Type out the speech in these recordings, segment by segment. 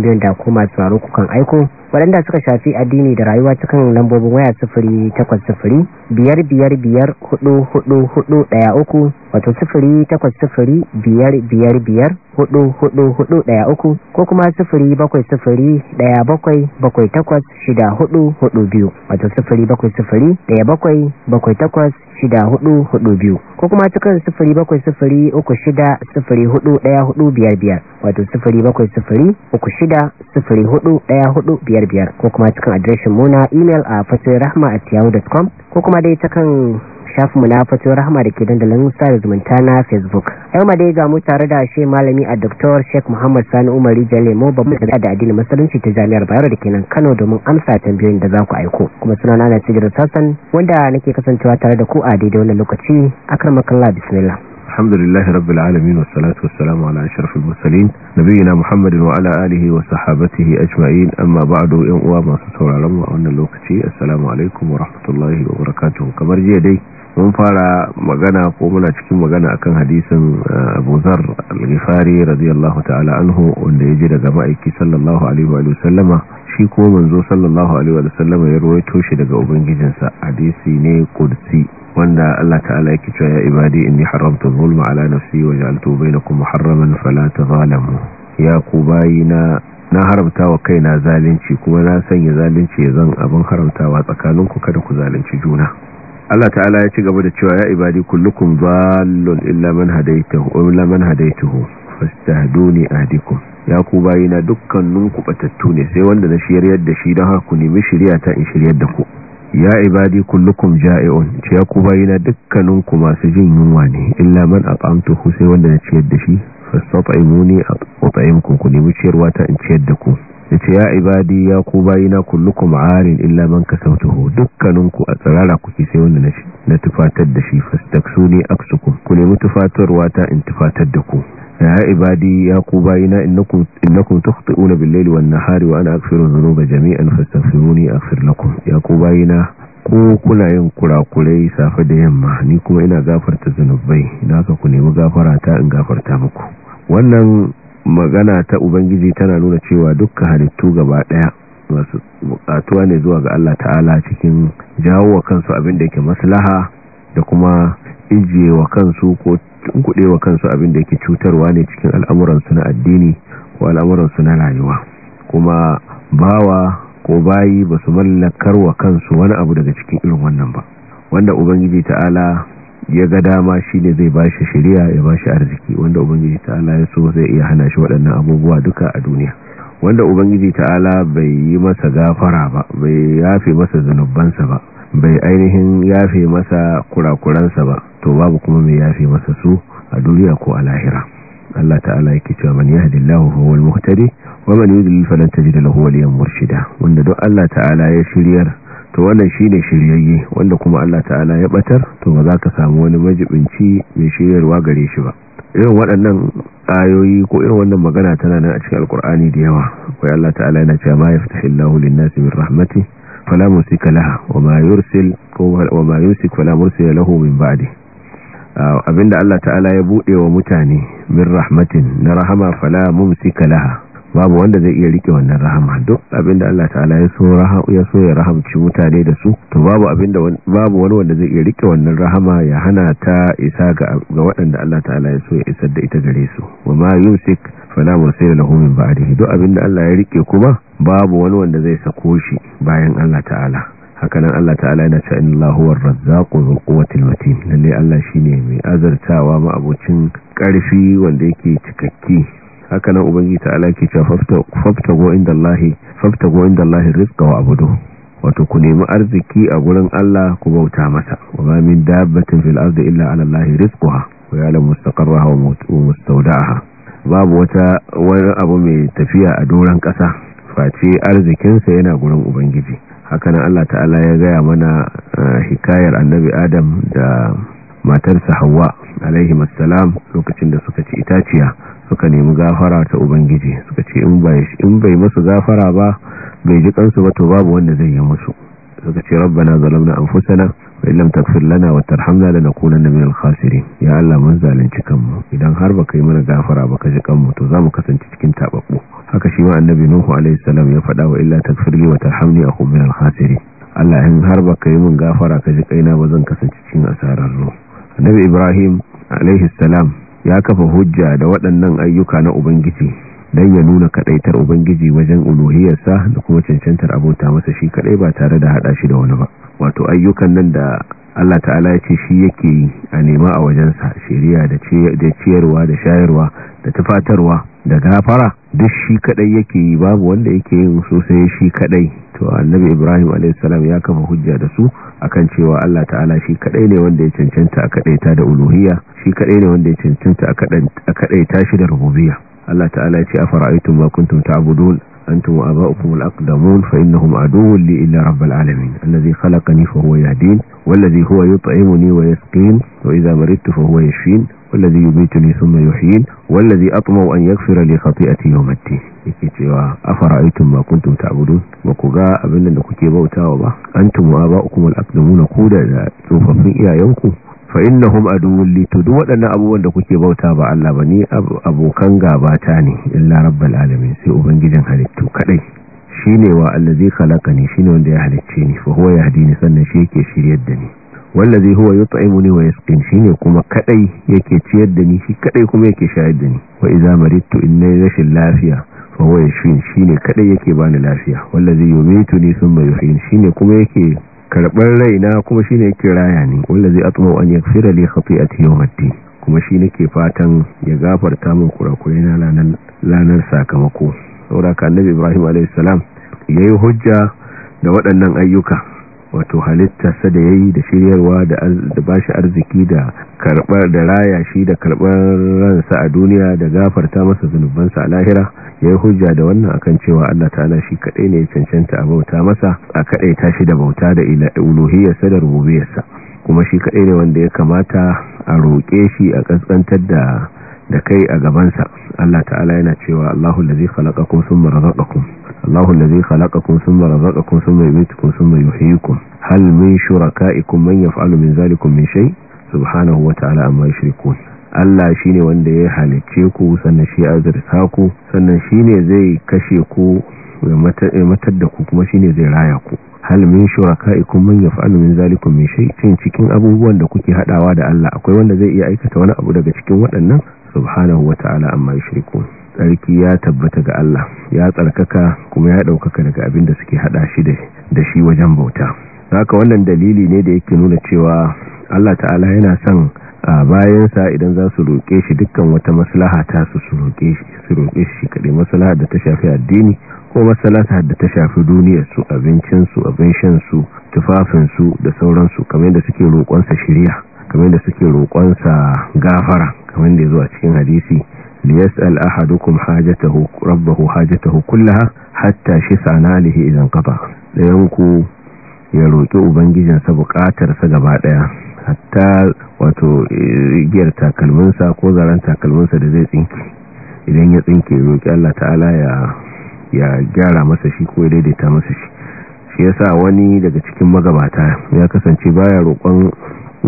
biyan da ko masu sauraro kukan aiko waɗanda suka shafi addini da rayuwa cikin lambobin waya sufuri takwas sufuri biyar biyar biyar hudu hudu hudu ɗaya uku wato sufuri takwas sufuri biyar biyar biyar hudu hudu hudu ɗaya uku ko kuma sufuri bakwai sufuri ɗaya bakwai bakwai takwas shida hudu hudu biyu wato sufuri bakwai sufuri ɗaya bakwai bakwai takwas shida hudu hudu biyu ko kuma cikin sufuri bakwai sufuri uku shida sufuri hudu daya hudu biyar biyar wato sufuri bakwai sufuri uku shida sufuri hudu daya hudu biyar biyar ko kuma cikin adireshin muna imel a fasirrahma at ko kuma dai kan. shafinmu na fasiyar rahama da ke dandalin sa'ar zumunta na facebook yau ma dai ga mu tare da shi malami a doktor sheik muhammad sani umaru jalemo ba mu da addinin masarunci ta jami'ar bayero da kenan kano domin amsa tambayoyin da za ku aiko kuma suna na cigar sassan wanda nake kasancewa tare da ku a daidai wannan lokaci a karmakan la bismillah alhamdulillahi rabbil alamin wa salatu wassalamu ala ashrafil mursalin nabiyina muhammadin wa ala alihi wa sahbatihi ajma'in amma ba'du in uwa masu sauraron mu a wannan lokaci assalamu alaikum wa rahmatullahi wa barakatu. kamar jiya dai mun fara magana ko muna cikin magana akan hadisin eh, Abu Zar al-Ghifari radiyallahu ta'ala anhu wanda yaji daga ma'aiki sallallahu alaihi wa sallama shi ko manzo sallallahu alaihi wa sallama ya rawaito shi daga ubangijinsa hadisi ne kursi wanda Allah ta'ala yake cewa ya ibadi inni haramtu zulma ala nafsi wa ja'altu bainakum muharraman fala tazalamu ya ku bayina na haramta wa kaina zalunci kuma na sanya zalunci zan abin haramtawa tsakaninku kada ku zalunci juna Allah ta'ala ya ci gaba da cewa ya ibadi kullukum dhallun illa man hadaytahu illa man hadaytuhu fastahduni ahdikum ya ku bayina dukkaninku batattu ne sai wanda na shiryar da shi don haka ku nemi ta in shiryar da ku ya ibadi kullukum ja'i'un ce ya ku bayina dukkaninku masu jin yunwa ne illa man at'amtuhu sai wanda na ciyar da shi fastat'imuni at'imkum ku nemi ciyarwa ta in ciyar da ku yace ya ibadi ya ku bayina kullukum arin illa man tuho dukkaninku a tsarara kuke sai wanda na tufatar da shi fastaksuni aksukum ku nemi tufatarwa ta in tufatar da ku ya ibadi ya ku bayina na innakum tukhti'una bil-layli wan-nahari wa ana aghfiru dhunuba jami'an fastaghfiruni aghfir lakum ya ku bayina ko kuna yin kurakurai safe da yamma ni kuma ina gafarta zunubai naka ku nemi gafara ta in gafarta muku wannan magana ta ubangiji tana nuna cewa dukkan halittu gaba daya masu bukatuwa ne zuwa ga Allah ta'ala cikin jawo wa kansu abin da yake maslaha da kuma ijiye wa kansu ko kuɗe wa kansu abin da yake cutarwa ne cikin al'amuransu na addini ko al'amuransu na rayuwa kuma bawa ko bayi ba su mallakar wa kansu wani abu daga cikin irin wannan ba wanda ubangiji ta'ala ya ga dama shi ne zai ba shi shirya ya ba shi arziki wanda ubangiji ta'ala ya so zai iya hana shi waɗannan abubuwa duka a duniya wanda ubangiji ta'ala bai yi masa gafara ba bai yafe masa zunubansa ba bai ainihin yafe masa kurakuransa ba to babu kuma mai yafe masa su a duniya ko a lahira Allah ta'ala yake cewa man yahdillahu huwal muhtadi wa man yudlil falan tajid lahu waliyan murshida wanda duk Allah ta'ala ya shiryar to wannan shine shiryayye wanda kuma Allah ta'ala ya batar to ba za ka samu wani majibinci mai shiryarwa gare shi ba irin waɗannan ayoyi ko irin wannan magana tana nan a cikin alkur'ani da yawa akwai Allah ta'ala yana cewa ma yaftahillahu lin-nasi min rahmati fala musika laha wa ma yursil wa ma yusik fala lahu min ba'di abinda Allah ta'ala ya bude wa mutane min rahmatin na rahama fala mumsika laha babu wanda zai iya rike wannan rahama duk abinda Allah ta'ala ya so ya so ya rahamci mutane da su to babu abinda babu wani wanda zai iya rike wannan rahama ya hana ta isa ga ga waɗanda Allah ta'ala ya so ya isar da ita gare su wa ma yusik fala mursila lahu min ba'dihi duk abinda Allah ya rike kuma babu wani wanda zai sako shi bayan Allah ta'ala hakanan Allah ta'ala yana cewa inna Allahu ar-razzaqu dhul quwwati matin lalle Allah shine mai azartawa ma abocin karfi wanda yake cikakki. haka nan ubangiji ta'ala ke ce faftago inda Allahi faftago wa abudu wato ku nemi arziki a gurin Allah ku bauta masa wa ma min dabbatin fil ardi illa ala Allahi rizquha wa ya'lamu mustaqarraha wa mustawda'aha babu wata wani abu mai tafiya a doran kasa face arzikinsa yana gurin ubangiji haka nan Allah ta'ala ya gaya mana eh, hikayar annabi Adam da matarsa Hawwa alaihi lokacin da suka ci itaciya suka nemi gafara ta ubangiji suka ce in bai in bai musu gafara ba bai ji kansu ba to babu wanda zai yi musu suka ce rabbana zalamna anfusana wa illam taghfir lana wa tarhamna lanakunanna minal khasirin ya Allah mun zalunci kanmu idan har baka yi mana gafara baka ji kanmu to zamu kasance cikin tababbu haka shi ma annabi nuhu alaihi salam ya faɗa wa illa taghfir li wa tarhamni akun minal khasirin Allah in har baka yi min gafara ka ji kaina ba zan kasance cikin asararru annabi ibrahim alaihi salam ya kafa hujja da waɗannan ayyuka na ubangiji don ya nuna kaɗaitar ubangiji wajen uluhiyarsa da kuma cancantar abota masa shi kaɗai ba tare da haɗa shi da wani ba wato ayyukan nan da Allah ta'ala ya ce shi yake a nema a wajensa shiriya da ciyarwa da shayarwa da tufatarwa da gafara duk shi kadai yake yi babu wanda yake yin so sai shi kadai to annabi ibrahim alaihissalam ya kafa hujja da su akan cewa Allah ta'ala shi kadai ne wanda ya cancanta a kadaita da uluhiyya shi kadai ne wanda ya cancanta a kadaita shi da rububiyya Allah ta'ala ya ce afara'aytum ma kuntum ta'budun antum wa aba'ukum al-aqdamun fa innahum aduwwun li illa rabbil alamin alladhi khalaqani fa huwa yahdin wa alladhi huwa yut'imuni wa yasqini wa idha maridtu fa huwa yashfin wallazi yubituni thumma yuhyin wallazi atma'u an yaghfira li khati'ati yawm ad-din yake cewa afara'aytum ma kuntum ta'budun ba ku ga abin da kuke bautawa ba antum wa aba'ukum al-aqdamuna ku da tsofaffin iyayenku fa innahum aduwwun li to duk waɗannan abubuwan da kuke bauta ba Allah ba ni abokan gabata ne illa rabbul sai ubangijin halittu kadai shine wa allazi khalaqani shine wanda ya halicce ni fa huwa yahdini sannan shi yake shiryar da ni wallazi huwa yut'imuni wa yasqin shine kuma kadai yake ciyar da ni shi kadai kuma yake shayar da ni wa idza maridtu inna rashin lafiya fa huwa yashfin shine kadai yake bani lafiya wallazi yumituni thumma yuhyin shine kuma yake karban raina kuma shine yake raya ni wallazi atma an yaghfira li khati'ati yawmiddin kuma shi nake fatan ya gafarta min kurakurena ranar ranar sakamako saboda ka annabi Ibrahim alayhi salam yayi hujja da waɗannan ayyuka wato halittarsa da ya yi da shiryarwa da bashi arziki da karbar da raya shi da karbar ransa a duniya da gafarta masa zunubansa a lahira ya yi hujja da wannan akan cewa Allah ta'ala shi kaɗai ne ya cancanta a bauta masa a kaɗai tashi da bauta da uluhiyarsa da rububiyarsa kuma shi kaɗai ne wanda ya kamata a roƙe shi a ƙasƙantar da da kai a gabansa Allah ta'ala yana cewa Allahu allazi sun thumma razaqakum Allahu allazi khalaqakum thumma razaqakum thumma yumeetukum thumma yuhyikum hal min shurakaikum man yaf'alu min zalikum min shai. subhanahu wa ta'ala amma yushrikun Allah ne wanda ya halicce ku sannan shi azurta ku sannan shi ne zai kashe ku ya matar da ku kuma shi ne zai raya ku hal min shurakaikum manya yaf'alu min zalikum min Cin cikin abubuwan da kuke hadawa da Allah akwai wanda zai iya aikata wani abu daga cikin waɗannan subhanahu wa ta'ala amma yushrikun tsarki ya tabbata ga Allah ya tsarkaka kuma ya ɗaukaka daga abin da suke hada shi da shi wajen bauta haka wannan dalili ne da yake nuna cewa Allah ta'ala yana son a bayansa idan za su roƙe shi dukkan wata maslaha ta su su roƙe shi kade kaɗai maslaha da ta shafi addini ko maslaha da ta shafi duniyar su abincinsu abincinsu tufafinsu da sauransu kamar da suke roƙonsa shirya kamar da suke roƙonsa gafara kamar da ya zo a cikin hadisi liyas'al ahadukum hajatahu rabbahu hajatahu kullaha hatta shisa nalihi idan qata dayan ku ya roki ubangijinsa bukatarsa gaba daya hatta wato igiyar takalminsa ko zaren takalminsa da zai tsinki idan ya tsinke roki Allah ta'ala ya ya gyara masa shi ko ya daidaita masa shi shi yasa wani daga cikin magabata ya kasance baya roƙon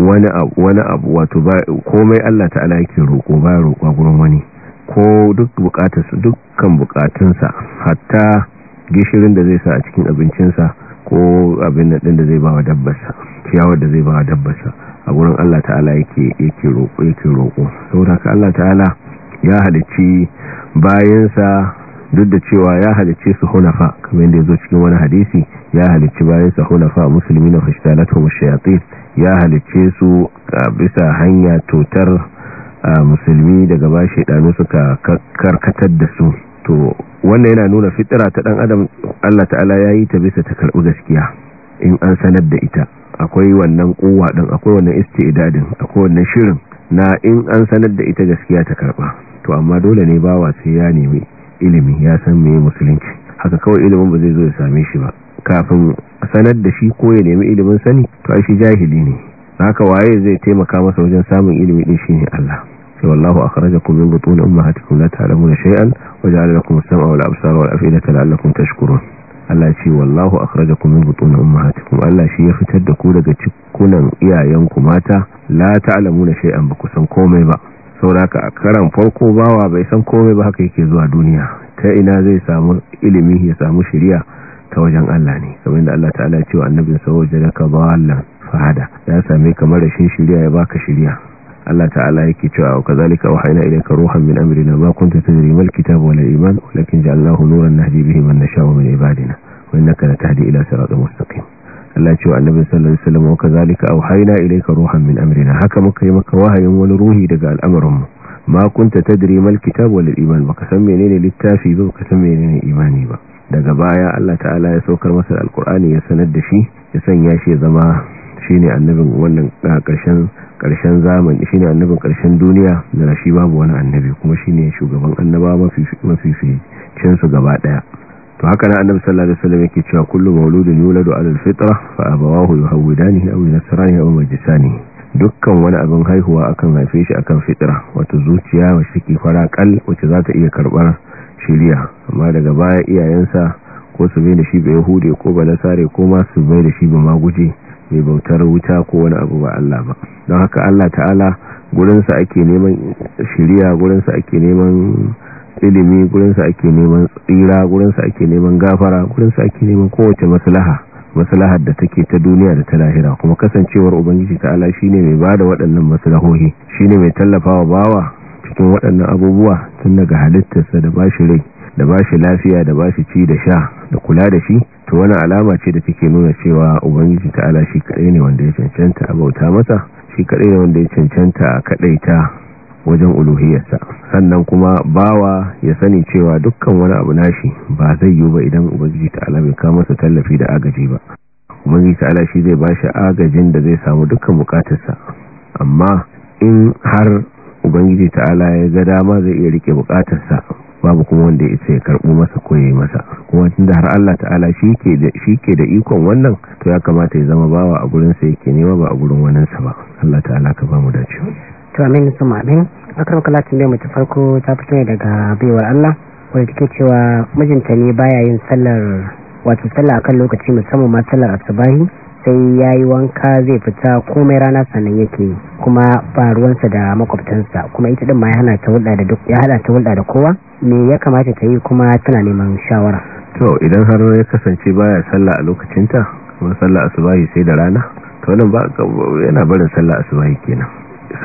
wani abu wani abu wato komai Allah ta'ala yake roƙo baya roƙa gurin wani ko duk bukatarsa dukkan bukatunsa hatta gishirin da zai sa a cikin abincinsa ko abin da da zai bawa dabbarsa ciyawar da zai bawa dabbarsa a wurin Allah ta'ala yake yake roƙo yake roƙo Allah ta'ala ya halicci bayansa duk da cewa ya halicce su hunafa kamar yadda zo cikin wani hadisi ya halicci bayansa hunafa na na ash-shayatin ya halicce su bisa hanya totar A musulmi daga ba shaidanu suka karkatar da su to wannan yana nuna fitira ta dan adam Allah ta'ala yayi ta bisa ta karbi gaskiya in an sanar da ita akwai wannan kuwa din akwai wannan istidadin akwai wannan shirin na in an sanar da ita gaskiya ta karba to amma dole ne bawa sai ya nemi ilimi ya san meye musulunci haka kawai ilimin ba zai zo ya same shi ba kafin sanar da shi ko ya nemi ilimin sani to ai shi jahili ne haka waye zai taimaka masa wajen samun ilimi din shine Allah sai wallahu akhrajakum min butun ummahatikum la ta'lamuna shay'an wa ja'ala lakum as-sam'a wal absara wal af'idata la'allakum tashkurun Allah ce wallahu akhrajakum min butun ummahatikum Allah shi ya fitar da ku daga cikunan iyayenku mata la da shay'an ba ku san komai ba sauraka a karan farko bawa bai san komai ba haka yake zuwa duniya ta ina zai samu ilimi ya samu shiriya ta wajen Allah ne kamar da Allah ta'ala cewa ce wa annabin sa wajen ka ba fada ya same kamar rashin shiriya ya baka shiriya Allah ta'ala yake cewa wa kazalika wahayna ilayka ruhan min amrina ma kunta tadri mal kitabu wal iman walakin ja'alnahu nuran nahdi bihi man nasha'u min ibadina wa innaka latahdi ila siratin mustaqim Allah ya ce wa annabi sallallahu alaihi wasallam wa kazalika wahayna ilayka ruhan min amrina haka muka yi maka wahayin wani ruhi daga al'amuranmu ma kunta tadri mal kitab wal iman baka san menene littafi ba baka san menene imani ba daga baya Allah ta'ala ya saukar masa alqur'ani ya sanar da shi ya sanya shi zama shine annabin wannan karshen karshen zamani shine annabin karshen duniya da shi babu wani annabi kuma shine shugaban annaba mafi mafi su gaba daya to haka na annabi sallallahu alaihi wasallam yake cewa kullu mauludun yuladu ala alfitra fa abawahu yuhawidanihi aw yunasranihi aw ne dukkan wani abin haihuwa akan haife shi akan fitra wato zuciya wacce take fara kal wacce za ta iya karbar shiriya amma daga baya iyayensa ko su mai da shi ba yahude ko ba nasare ko ma su mai da shi ba maguje mai bautar wuta ko wani abu ba Allah ba don haka Allah ta'ala gurinsa ake neman shiriya gurinsa ake neman ilimi gurinsa ake neman tsira gurinsa ake neman gafara gurinsa ake neman kowace maslaha maslahar da take ta duniya da ta lahira kuma kasancewar ubangiji ta'ala shine mai bada waɗannan maslahohi shine mai tallafawa bawa cikin waɗannan abubuwa tun daga halittarsa da bashi rai da ba shi lafiya da ba shi ci da sha da kula da shi to wani alama ce da take nuna cewa ubangiji ta ala shi kaɗai ne wanda ya cancanta a bauta masa shi kaɗai ne wanda ya cancanta a kaɗaita wajen uluhiyarsa sannan kuma bawa ya sani cewa dukkan wani abu nashi ba zai yiwu ba idan ubangiji ta ala bai kama masa tallafi da agaji ba ubangiji ta ala shi zai ba shi agajin da zai samu dukkan bukatarsa amma in har ubangiji ta ta'ala ya ga dama zai iya rike bukatarsa babu kuma wanda ya ya karɓo masa ko yayi masa kuma tunda har Allah ta'ala shi ke da ikon wannan to ya kamata ya zama bawa a gurinsa yake nema ba a gurin sa ba Allah ta'ala ka ba mu dace to amin su din akwai kalatin da mace farko ta fito ne daga baiwar Allah wanda take cewa mijinta ne baya yin sallar wato sallah akan lokaci musamman ma sallar asubahi sai ya yi wanka zai fita komai rana sannan yake kuma ba ruwansa da makwabtansa kuma ita din ma ya hana ta hulɗa da kowa me ya kamata ta yi kuma tana neman shawara to idan har ya kasance baya sallah a lokacinta kuma sallah asubahi sai da rana to wannan ba yana barin sallah asubahi kenan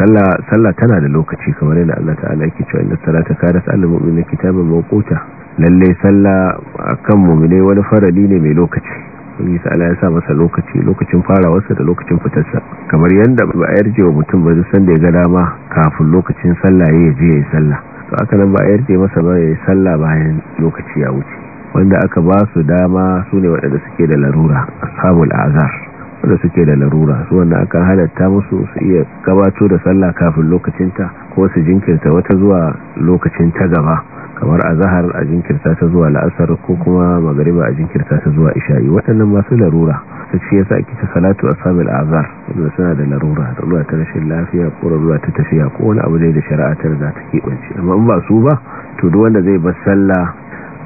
sallah tana da lokaci kamar yadda Allah ta'ala yake cewa inna salata kanat al mu'minu kitaban mawquta lalle sallah akan mu'mine wani farali ne mai lokaci ubangiji ta'ala ya sa masa lokaci lokacin farawarsa da lokacin fitarsa kamar yadda ba a yarje wa mutum ba san da ya ga dama kafin lokacin sallah ya je ya yi sallah to aka nan ba a yarje masa ba ya yi sallah bayan lokaci ya wuce wanda aka ba su dama sune ne waɗanda suke da larura ashabul azar da suke da larura su wanda aka halatta musu su iya gabato da sallah kafin lokacinta ko su jinkirta wata zuwa lokacin ta gaba kamar a a jinkirta ta zuwa la'asar ko kuma magariba a jinkirta ta zuwa isha'i waɗannan masu larura su ce ya sa ta salatu a samun azar wanda suna da larura ruwa ta rashin lafiya ko larura ta tafiya ko wani abu dai da shari'atar ta da ta keɓance amma in ba su ba to duk wanda zai bar sallah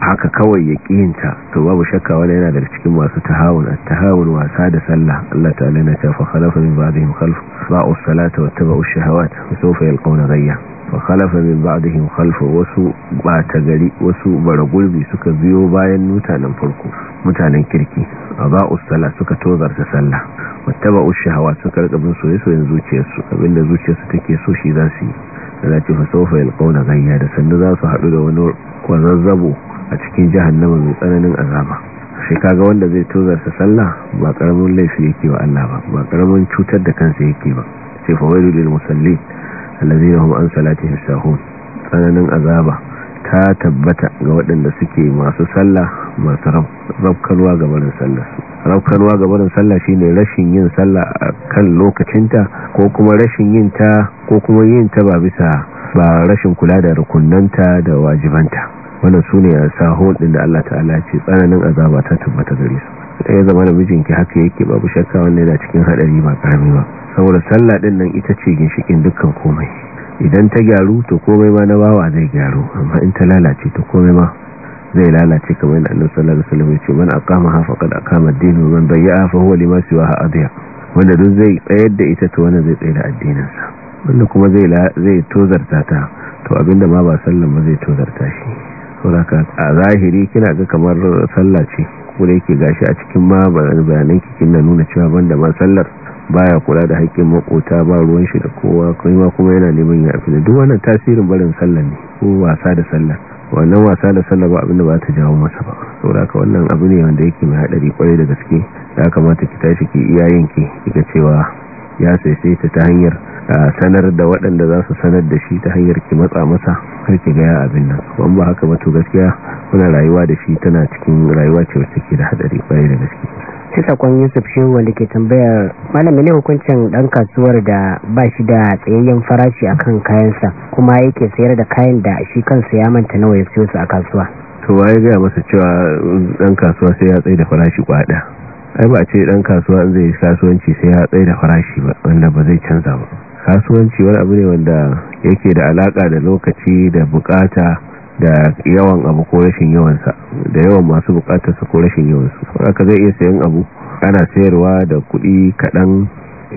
haka kawai ya kiyinta to babu shakka wani yana daga cikin masu tahawun at-tahawun wasa da sallah Allah ta'ala na ta fa khalafa min ba'dihim khalf ba salata wa tabu ash-shahawat fa sawfa yalqawna ghayya fa khalafa min ba'dihim khalf wasu bata gari wasu baragulbi suka biyo bayan mutanen farko mutanen kirki ba'u usala suka tozarta sallah wa tabu ash-shahawat suka rika bin soyayyen zuciyarsu abinda zuciyarsu take so shi za su yi Allah ce fa sawfa yalqawna ghayya da sannu za su hadu da wani kwazazzabo a cikin jahannama mai tsananin azaba shi kaga wanda zai tozarta sallah ba karamin laifi yake wa Allah ba ba karamin cutar da kansa yake ba sai fa wailu lil musallin allazina hum an salatihim sahun tsananin azaba ta tabbata ga waɗanda suke masu sallah masu rabkarwa ga barin sallah raukarwa ga barin sallah shine rashin yin sallah a kan lokacinta ko kuma rashin yin ta ko kuma yin ta ba bisa ba rashin kula da rukunnanta da wajibanta wannan su ne a sahun ɗin da Allah ta'ala ce tsananin azaba ta tabbata gare su ya zama da mijinki haka yake babu shakka wanda yana cikin haɗari ba ƙarami ba saboda sallah ɗin nan ita ce ginshikin dukkan komai idan ta gyaru to komai ma na bawa zai gyaru amma in ta lalace to komai ma zai lalace kamar yadda annabi sallallahu alaihi wasallam ya ce man aqamaha faqad aqama ad-din wa man bayya'a fa huwa lima siwaha adiya wanda duk zai tsayar da ita to wanda zai tsayar da addinin sa wanda kuma zai zai tozarta ta to abinda ma ba sallan ba zai tozarta shi saboda a zahiri kina ga kamar sallah ce kuma yake gashi a cikin ma bayanan kikin na nuna cewa banda ma sallar baya kula da haƙƙin makota ba ruwan shi da kowa kai ma kuma yana neman ya fi duk wannan tasirin barin sallar ne ko wasa da sallar wannan wasa da sallar ba abinda ba ta jawo masa ba saboda wannan abu ne wanda yake mai hadari kwarai da gaske ya kamata ki tashi ki iyayen ki kika cewa ya sai sai ta hanyar sanar da waɗanda za su sanar da shi ta hanyar ki matsa masa karki ga abin nan kuma ba haka ba to gaskiya kuna rayuwa da shi tana cikin rayuwa ce wacce ke da hadari kwarai da gaske ta sakon yusuf shi wanda ke tambayar malami ne hukuncin dan kasuwar da ba shi da tsayayyen farashi akan kayansa kuma yake sayar da kayan da shi kansa ya manta nawa ya siyo su a kasuwa to waye ga masa cewa dan kasuwa sai ya tsaye da farashi kwada ai ba ce dan kasuwa zai kasuwanci sai ya tsaye da farashi ba wanda ba zai canza ba kasuwanci wani abu ne wanda yake da alaka da lokaci da bukata da yawan abu ko rashin yawansa da yawan masu su ko rashin yawansu aka zai iya sayan abu ana sayarwa da kuɗi kaɗan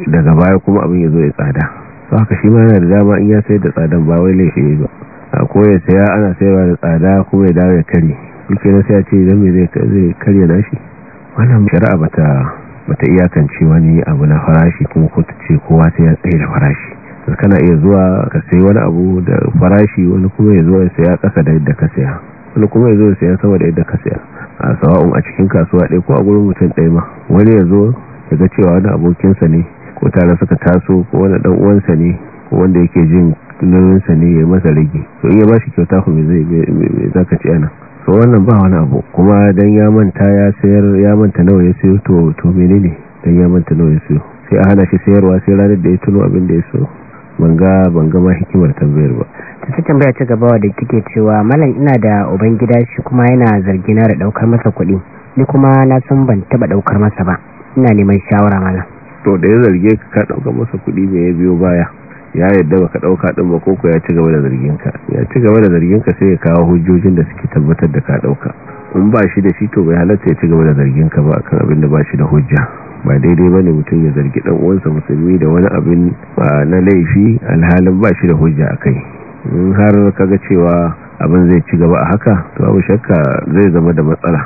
daga baya kuma abin ya zo ya tsada su haka shi ma yana da dama in ya sayar da tsadan ba wai laifi ne ba a koya ya saya ana sayarwa da tsada kuma ya dawo ya kare shi sai ya ce idan me zai karya nashi wannan shari'a bata iyakan iyakance wani abu na farashi kuma ko ta ce kowa sai ya tsaye da farashi kana iya zuwa ka sai wani abu da farashi wani kuma ya sai ya kasa da yadda ka saya wani kuma ya zo ya sama da yadda ka saya a sawa'un a cikin kasuwa ɗaya ko a gurin mutum ɗaya ma wani ya zo ya ga cewa wani abokinsa ne ko tare suka taso ko wani ɗan uwansa ne ko wanda yake jin nauyinsa ne ya masa rage to in ya ba shi kyauta ku me zaka ci anan to wannan ba wani abu kuma dan ya manta ya sayar ya manta nawa ya sayo to to menene dan ya manta nawa ya sayo sai a hana shi sayarwa sai ranar da ya tuno abin da ya so banga banga ma hikimar tambayar ba ta sai tambaya ta gaba da kike cewa malam ina da uban gida shi kuma yana zargina da daukar masa kuɗi ni kuma na san ban taba daukar masa ba ina neman shawara malam to da ya zarge ka ka daukar masa kuɗi me ya biyo baya ya yadda ka dauka din ba koko ya ci gaba da zargin ka ya ci gaba da zargin ka sai ya kawo hujjojin da suke tabbatar da ka dauka in ba shi da shi to bai halatta ya ci gaba da zargin ka ba akan abin da ba shi da hujja ba daidai bane mutum ya zargi dan uwansa musulmi da wani abin ba na laifi alhalin ba shi da hujja akai in har kaga cewa abin zai ci gaba a haka to babu shakka zai zama da matsala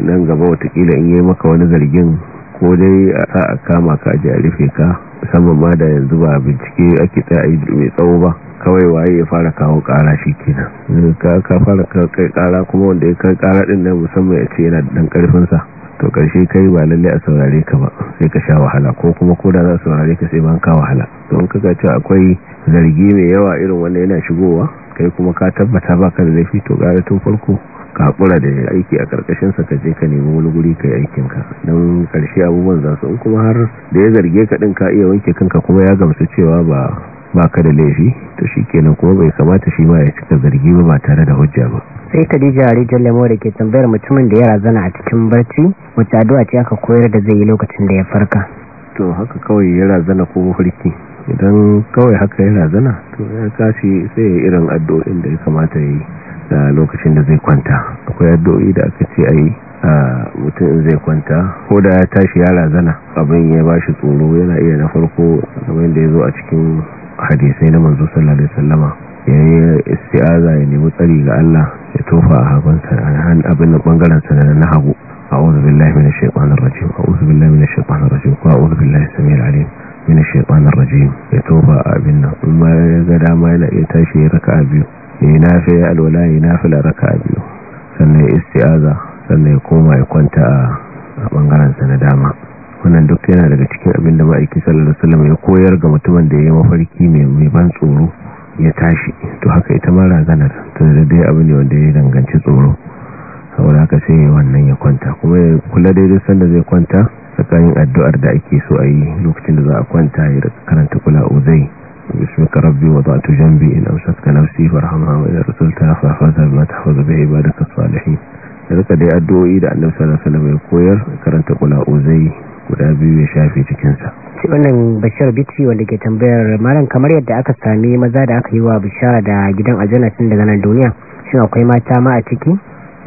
nan gaba watakila in yi maka wani zargin ko dai a kama ka ji a rufe ka musamman ma da yanzu ba bincike ake tsaya yi mai tsawo ba kawai waye ya fara kawo kara shi kenan ka ka fara kai kara kuma wanda ya kai kara din nan musamman ya ce yana dan karfin sa to karshe kai ba lalle a saurare ka ba sai ka sha wahala ko kuma ko da za a saurare ka sai ban ka wahala don in kaga cewa akwai zargi mai yawa irin wanda yana shigowa kai kuma ka tabbata baka da laifi to gara tun farko kakura da aiki a karkashinsa ka je ka nemi wani guri ka yi aikinka don karshe abubuwan zasu in kuma har da ya zarge ka ɗin ka iya wanke kanka kuma ya gamsu cewa ba ba ka da laifi to shi kenan kuma bai kamata shi ma ya cika zargi ba ba tare da hujja ba sai dija a rijiyar da ke tambayar mutumin da ya razana a cikin barci wacce addu'a ce aka koyar da zai yi lokacin da ya farka to haka kawai ya razana ko mafarki idan kawai haka ya razana to ya kashi sai ya irin addu'o'in da ya kamata ya yi da lokacin da zai kwanta akwai addu'o'i da aka ce ai a mutum zai kwanta ko da ya tashi ya zana, abin ya ba shi tsoro yana iya na farko abin da ya zo a cikin hadisai na manzo sallallahu alaihi wasallama ya yi isti'aza ya nemi tsari ga Allah ya tofa a hagun sanarhan abin da bangaren sanarhan na hagu a wuzu billahi mina shaikwanar rajim a wuzu billahi mina shaikwanar rajim ko a wuzu billahi samir alim mina shaikwanar rajim ya tofa a abin nan in ma ya ga dama yana iya tashi ya raka a biyu ya nafi ya alwala ya nafi laraka a biyu sannan ya isti'aza sannan ya koma ya kwanta a ɓangarensa na dama wannan duk yana daga cikin abin da ma'aiki sallallahu alaihi wasallam ya koyar ga mutumin da ya yi mafarki mai ban tsoro ya tashi to haka ita ma razanar to da dai abu ne wanda ya danganci tsoro saboda haka sai wannan ya kwanta kuma ya kula daidai sanda zai kwanta tsakanin addu'ar da ake so a yi lokacin da za a kwanta ya karanta kula uzai باسمك ربي وضعت جنبي إن أمسكت نفسي فارحمها وإذا رسلتها فأخذها بما تحفظ به عبادك الصالحين daga dai addu'o'i da annabi sallallahu alaihi ya koyar karanta kula uzai guda biyu ya shafe cikin sa shi wannan bashar bitri wanda ke tambayar malam kamar yadda aka sami maza da aka yi wa bishara da gidan aljanna tun daga nan duniya shin akwai mata ma a ciki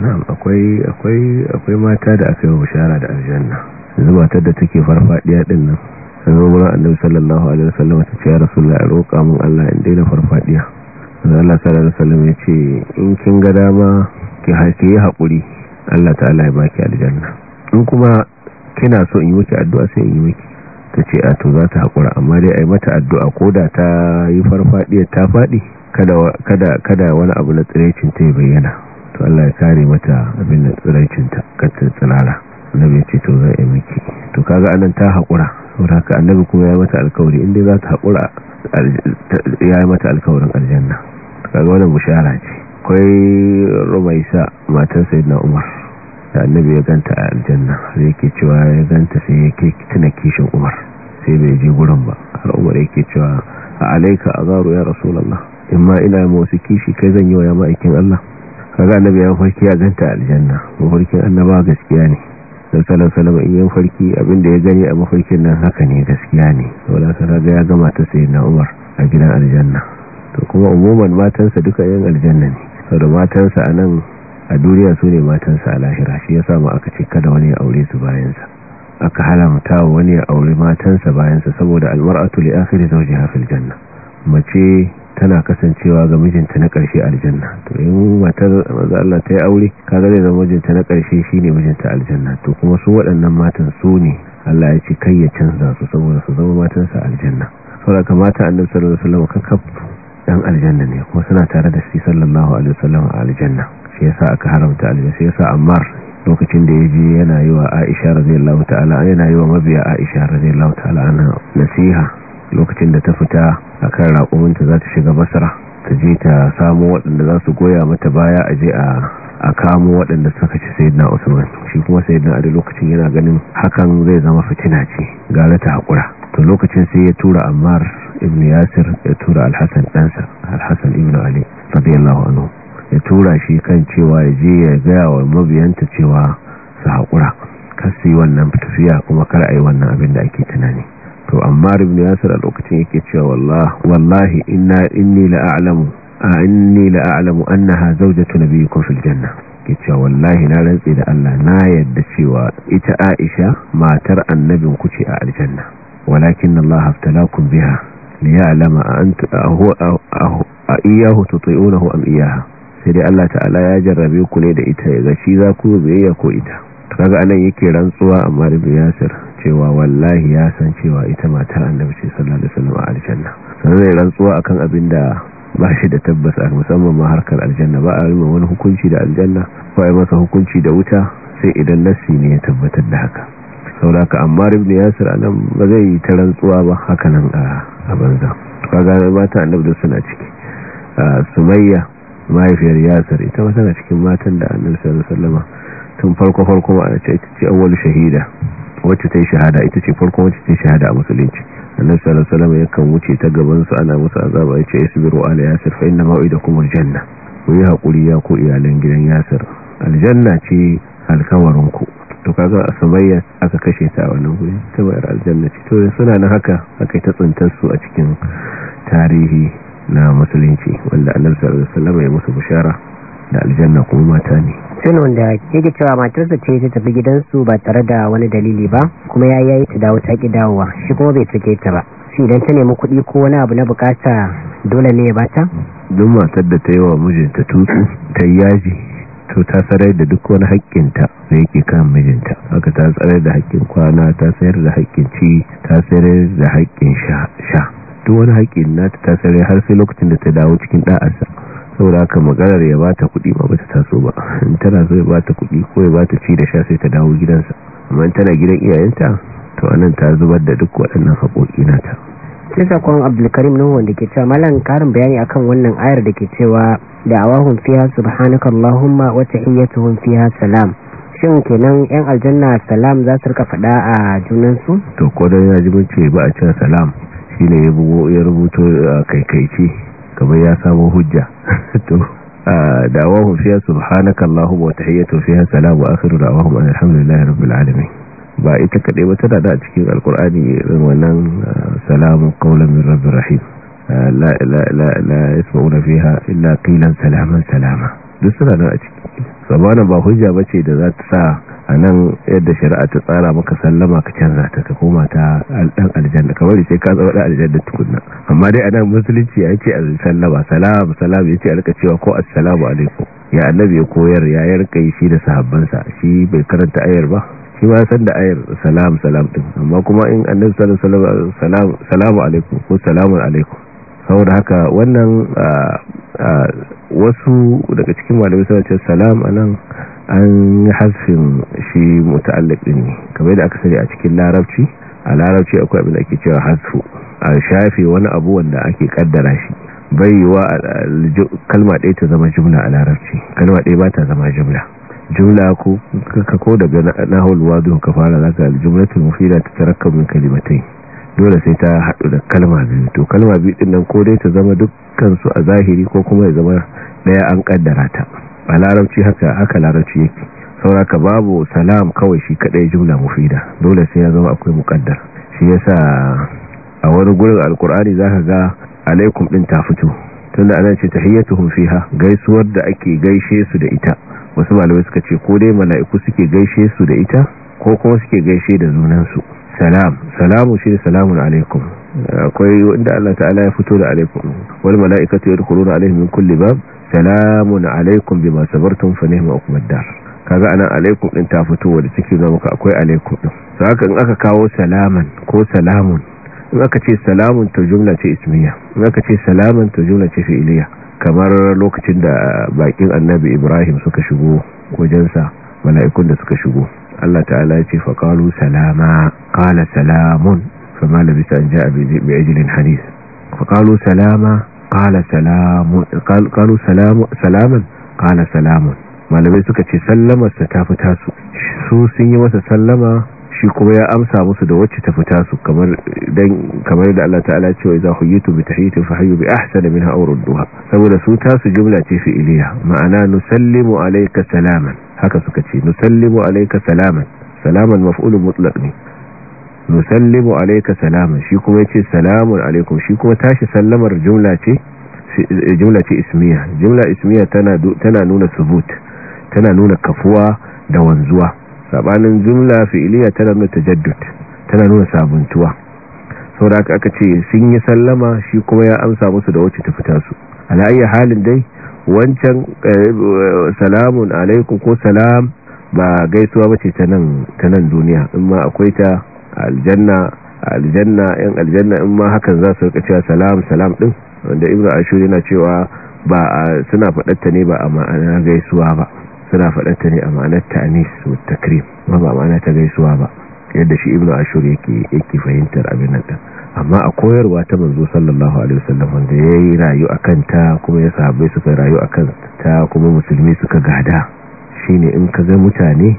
na'am akwai akwai akwai mata da aka yi wa bishara da aljanna yanzu da take farfadiya din nan sai wurin annabi sallallahu alaihi wasallam ta ce ya rasulullahi roƙa mun Allah in daina farfadiya sai Allah sallallahu alaihi wasallam ya ce in kin ga dama ki haƙi haƙuri Allah ta'ala ya baki aljanna in kuma kina so in yi miki addu'a sai in yi miki ta ce a to za ta haƙura amma dai a yi mata addu'a ko da ta yi farfaɗiya, ta faɗi kada wani abu na tsiraicin ta yi bayyana to Allah ya kare mata abin na tsiraicin ta kacin tsirara na bai ce to za a yi miki to kaga anan ta haƙura saboda haka annabi kuma ya mata alkawari in dai za ta haƙura ya yi mata alkawarin aljanna kaga wani bushara ce akwai rumaisa matar na umar da annabi ya ganta a aljanna sai yake cewa ya ganta sai yake tuna kishin umar sai bai je gurin ba har umar yake cewa a alaika azaru ya rasulullah imma ina ma wasu kishi kai zan yi wa ya ma'aikin Allah kaga annabi ya farki ya ganta a aljanna mafarkin annaba gaskiya ne sallallahu salama in yin farki abinda ya gani a mafarkin nan haka ne gaskiya ne wala kana ga ya gama ta na Umar a gidan aljanna to kuma umuman matansa duka yan aljanna ne saboda matansa a nan a duniya su ne matansa a lahira shi ya mu aka ce kada wani ya aure su bayansa aka halamta wani ya aure matansa bayansa saboda almar'atu li akhiri zawjiha fil janna mace tana kasancewa ga mijinta na ƙarshe aljanna to in matar manzo Allah ta yi aure kaga zai zama mijinta na ƙarshe ne mijinta aljanna to kuma su waɗannan matan su ne Allah ya ce kai ya canza su saboda su zama matansa aljanna saboda kamata annabi sallallahu alaihi wasallam kan kafu dan aljanna ne kuma suna tare da shi sallallahu alaihi wasallam a aljanna shi yasa aka haramta aljanna shi yasa Ammar lokacin da ya je yana yi wa Aisha radiyallahu ta'ala yana yi wa mabiya Aisha radiyallahu ta'ala nasiha lokacin da ta fita a kan raƙuminta za ta shiga masara ta je ta samo waɗanda za su goya mata baya a je a kamo waɗanda suka ci sayidina usman shi kuma sayyidina ali lokacin yana ganin hakan zai zama fitina ce gara ta haƙura to lokacin sai ya tura ammar ibn yasir ya tura alhassan ɗansa alhassan ibn ali radiyallahu anhu ya tura shi kan cewa ya je ya gaya wa mabiyanta cewa su haƙura kar yi wannan tafiya kuma kar a yi wannan abin da ake tunani to amma ibn yasir a lokacin yake cewa wallahi wallahi inna inni la'alamu a inni la'alamu annaha zawjatu nabiyyikum fil janna wallahi na rantsi da Allah na yadda cewa ita Aisha matar annabin ku ce a aljanna walakin Allah haftalakum biha liya'lama anta ahu a iyahu tuti'unahu am iyaha sai dai Allah ta'ala ya jarrabe ku ne da ita ga shi za ku biyayya ko ita kaga anan yake rantsuwa amma da Yasir cewa wallahi ya san cewa ita matar annabi ce sallallahu alaihi wasallam a aljanna sai rantsuwa akan abin da ba shi da tabbas a musamman ma harkar aljanna ba a rima wani hukunci da aljanna ba a masa hukunci da wuta sai idan nassi ne ya tabbatar da haka sauraka amma ibn yasir anan ba zai yi ta rantsuwa ba haka nan a banza kaga mata annabi da suna ciki sumayya mahaifiyar yasir ita ma tana cikin matan da annabi sallallahu alaihi wasallam tun farko farko ma ana ce ita ce awwal shahida wacce ta yi shahada ita ce farkon wacce ta yi shahada a musulunci annan salam alaihi ya yakan wuce ta gabansu ana musu azaba yace isbiru ala yasir fa inna kuma aljanna ku yi hakuri ya ku iyalan gidan yasir aljanna ce alkawarin ku to kaga asabayya aka kashe ta wannan guri ta bayar aljanna ce to suna na haka aka ta tsuntar su a cikin tarihi na musulunci wanda annan sallallahu ya musu bishara da aljanna kuma mata ne sunan da yake cewa matarsa ce ta tafi gidansu ba tare da wani dalili ba kuma ya yayi ta dawo ta ki dawowa shi kuma bai sake ta ba shi idan ta nemi kuɗi ko wani abu na bukata dole ne ya bata duk matar da ta yi wa mijinta tutu ta yaji to ta sarai da duk wani haƙƙinta da yake kan mijinta haka ta sarai da haƙƙin kwana ta sayar da haƙƙin ci ta sayar da haƙƙin sha duk wani haƙƙin nata ta sarai har sai lokacin da ta dawo cikin ɗa'arsa saboda haka maganar ya bata kuɗi ba bata taso ba in tana so ya bata kuɗi ko ya bata ci da sha sai ta dawo gidansa amma in tana gidan iyayenta to anan ta zubar da duk waɗannan haƙoƙi nata sai sakon abdulkarim nan wanda ke cewa malam karin bayani akan wannan ayar da ke cewa da awahun fiha subhanaka allahumma wa tahiyyatuhum fiha salam shin kenan yan aljanna salam za su rika fada a junan su. to ko da ya ji mun ce ba a cewa salam shine ya bugo ya rubuto kaikaice. kamar ya samu hujja to da'awahum fiha subhanakallahumma wa tahiyyatu fiha salamu akhiru da'awahum alhamdulillahi rabbil alamin ba ita kadai ba tana da cikin alqur'ani irin wannan salamu qawlan min rabbir rahim la la la la yasma'una fiha illa qilan salaman salama duk suna nan a cikin sabanan ba hujja bace da za ta sa a nan yadda shari'a ta tsara maka sallama ka canza ta ta koma ta dan aljanna kamar ce ka zaba dan aljanna tukunna amma dai a nan musulunci ya ce sallama salam salam ya ce a rika cewa ko assalamu alaikum ya annabi ya koyar ya yarka shi da sahabbansa shi bai karanta ayar ba shi ba san da ayar salam salam din amma kuma in annabi sallallahu alaihi wasallam salamu alaikum ko salamun alaikum saboda haka wannan ah, ah, wasu daga cikin malamai suna ce salam anan an yi hasfin shi muta'alliq din ne kamar da aka sani a cikin larabci a larabci akwai abin da ake cewa hasfu a shafe wani abu wanda ake kaddara shi bai wa kalma ɗaya ta zama jumla a larabci kalma ɗaya ba ta zama jumla jumla ko ka ko daga nahul wadu ka fara zaka jumlatul mufida ta min kalimatai dole sai ta haɗu da kalma biyu to kalma biyu ɗin nan ko dai ta zama dukkan su a zahiri ko kuma ya zama ɗaya an ƙaddara ta a larabci haka haka larabci yake ka babu salam kawai shi kadai jumla mufida dole sai ya zama akwai muqaddar shi yasa a wani gurin alkur'ani ka ga alaikum ɗin ta fito tunda anan ce tahiyyatuhum fiha gaisuwar da ake gaishe su da ita wasu malamai suka ce ko dai mala'iku suke gaishe su da ita ko kuma suke gaishe da zunansu salam salamu shi salamun alaikum akwai inda Allah ta'ala ya fito da alaikum wal mala'ikatu yadkhuluna alaihim min kulli bab salamun alaikum bima sabartum fa ni'ma uqbad dar kaga anan alaikum din ta fito da cikin zama ka akwai alaikum din so haka in aka kawo salaman ko salamun in aka ce salamun to jumla ce ismiya in aka ce salaman to jumla ce fi'iliya kamar lokacin da bakin annabi Ibrahim suka shigo wajensa mala'ikun da suka shigo Allah ta'ala ya ce fa qalu salama ƙala salamun fama labisa an ja'a bi ajlin hadith fa salama qala salamun salaman qala salamun malamai suka ce sallamar sa ta fita su su sun yi masa sallama shi kuma ya amsa musu da wacce ta fita su kamar da Allah ta'ala cewa idza huyitu bi tahiyatin fahayyu bi ahsani minha aw rudduha saboda su tasu jumla ce fi'iliya ma'ana nusallimu alayka salaman haka suka ce nusallimu alayka salaman salaman maf'ulun mutlaq ne nusallimu alayka salaman shi kuma yace salamun alaykum shi kuma tashi sallamar jumla ce jumla ce ismiya jumla ismiya tana tana nuna subut tana nuna kafuwa da wanzuwa sabanin jumla fi'iliya tana nuna tajaddud tana nuna sabuntuwa saboda aka ce sun yi sallama shi kuma ya amsa musu da wacce ta fita su ala halin dai wancan eh, salamun alaikum ko salam ba gaisuwa ba ce ta nan duniya in ma akwai ta aljanna aljanna yan aljanna in ma hakan za su rika cewa salam salam din wanda ibnu ashur yana cewa ba suna fadatta ne ba a ma'ana gaisuwa ba suna fadatta ne a ma'anar ta'anis wa takrim ba ba ma'ana ta gaisuwa ba yadda shi ibnu ashur yake yake fahimtar abin nan amma a koyarwa ta manzo sallallahu alaihi wasallam da yayi rayu akan ta kuma ya sahabbai suka rayu akan ta kuma musulmi suka gada shine in ka ga mutane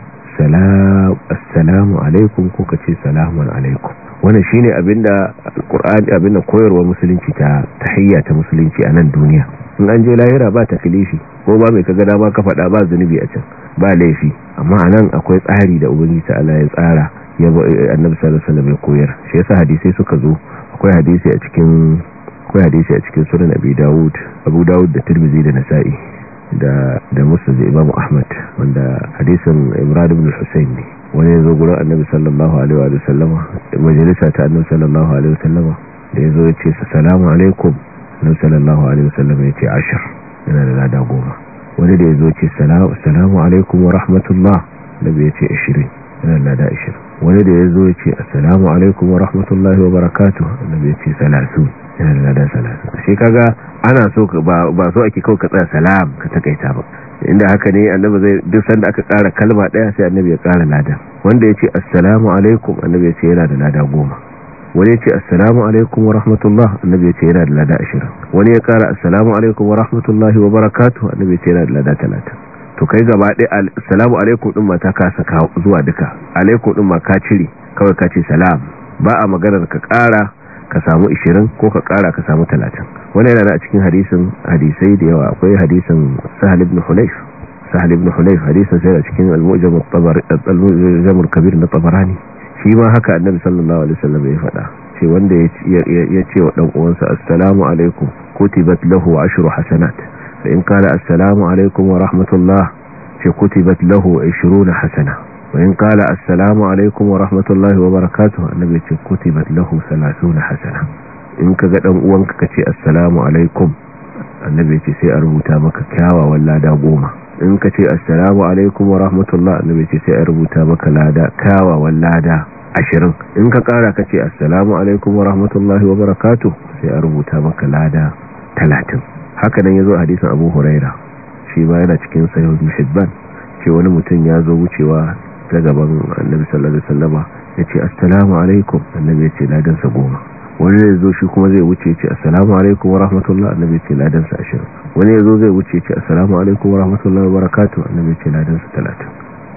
assalamu alaikum ko ka ce salamun alaikum wannan shine abinda alqur'ani abinda koyarwa musulunci ta tahiyya ta musulunci a nan duniya in an je lahira ba kilifi ko ba mai kaga dama ka faɗa ba zunubi a can ba laifi amma anan akwai tsari da ubangi ta Allah ya tsara ya eh, annabi sallallahu alaihi wasallam ya koyar shi yasa hadisi suka zo akwai hadisi a cikin akwai hadisi a cikin sunan abi dawud abu dawud da Tirmidhi da nasa'i da da musnad imam ahmad wanda hadisin imran ibn husayn ne wani yazo gurin annabi sallallahu alaihi wa sallama majalisa ta annabi sallallahu alaihi wa sallama da yazo ya ce assalamu alaikum nan sallallahu alaihi wasallam ya ce ashir yana da lada goma wani da ya zo ce salamu alaikum wa rahmatullah nabi ya ce ashirin yana da lada ashirin wani da ya zo ya ce assalamu alaikum wa rahmatullahi wa barakatu nabi ya ce salasun yana da lada salasun shi kaga ana so ba so ake kawai ka tsaya salam ka takaita ba inda haka ne annabi zai duk sanda aka kara kalma ɗaya sai annabi ya ƙara lada wanda ya ce assalamu alaikum annabi ya ce yana da lada goma wani ya ce assalamu alaikum wa rahmatullah annabi ya ce yana da lada ashirin wani ya kara assalamu alaikum wa rahmatullahi wa barakatu annabi ya ce yana da lada talatin to kai gaba ɗaya assalamu alaikum ɗin ma ta kasa zuwa duka alaikum ɗin ma ka cire kawai ka ce salam ba a maganar ka kara ka samu 20 ko ka kara ka samu talatin wani yana da a cikin hadisin hadisai da yawa akwai hadisin sahal ibn hunayf sahal ibn hunayf hadisin sai a cikin al-mujam al-kabir na tabarani shi ma haka annabi sallallahu alaihi wasallam ya faɗa ce wanda ya ce wa dan uwansa assalamu alaikum kutibat lahu ashru hasanat fa in qala assalamu alaikum wa rahmatullah ce kutibat lahu 20 hasana wa in qala assalamu alaikum wa rahmatullahi wa barakatuh annabi ce kutibat lahu 30 hasana in kaga dan uwanka kace assalamu alaikum annabi ce sai a rubuta maka kyawawan lada goma in ka ce assalamu alaikum wa rahmatullah annabi ce sai a rubuta maka lada kawawan lada ashirin in ka kara ka ce assalamu alaikum wa rahmatullahi wa barakatu, sai a rubuta maka lada talatin haka nan ya zo hadisin abu huraira shi ba yana cikin sayo mushibban ce wani mutum ya zo wucewa ta gaban annabi sallallahu alaihi wasallama ya ce assalamu alaikum annabi ya ce ladansa goma wani zai zo shi kuma zai wuce ya ce assalamu alaikum wa rahmatullah annabi ya ce ladansa ashirin wani yazo zai wuce ce assalamu alaikum warahmatullahi wabarakatuh annabi ce ladan su talatin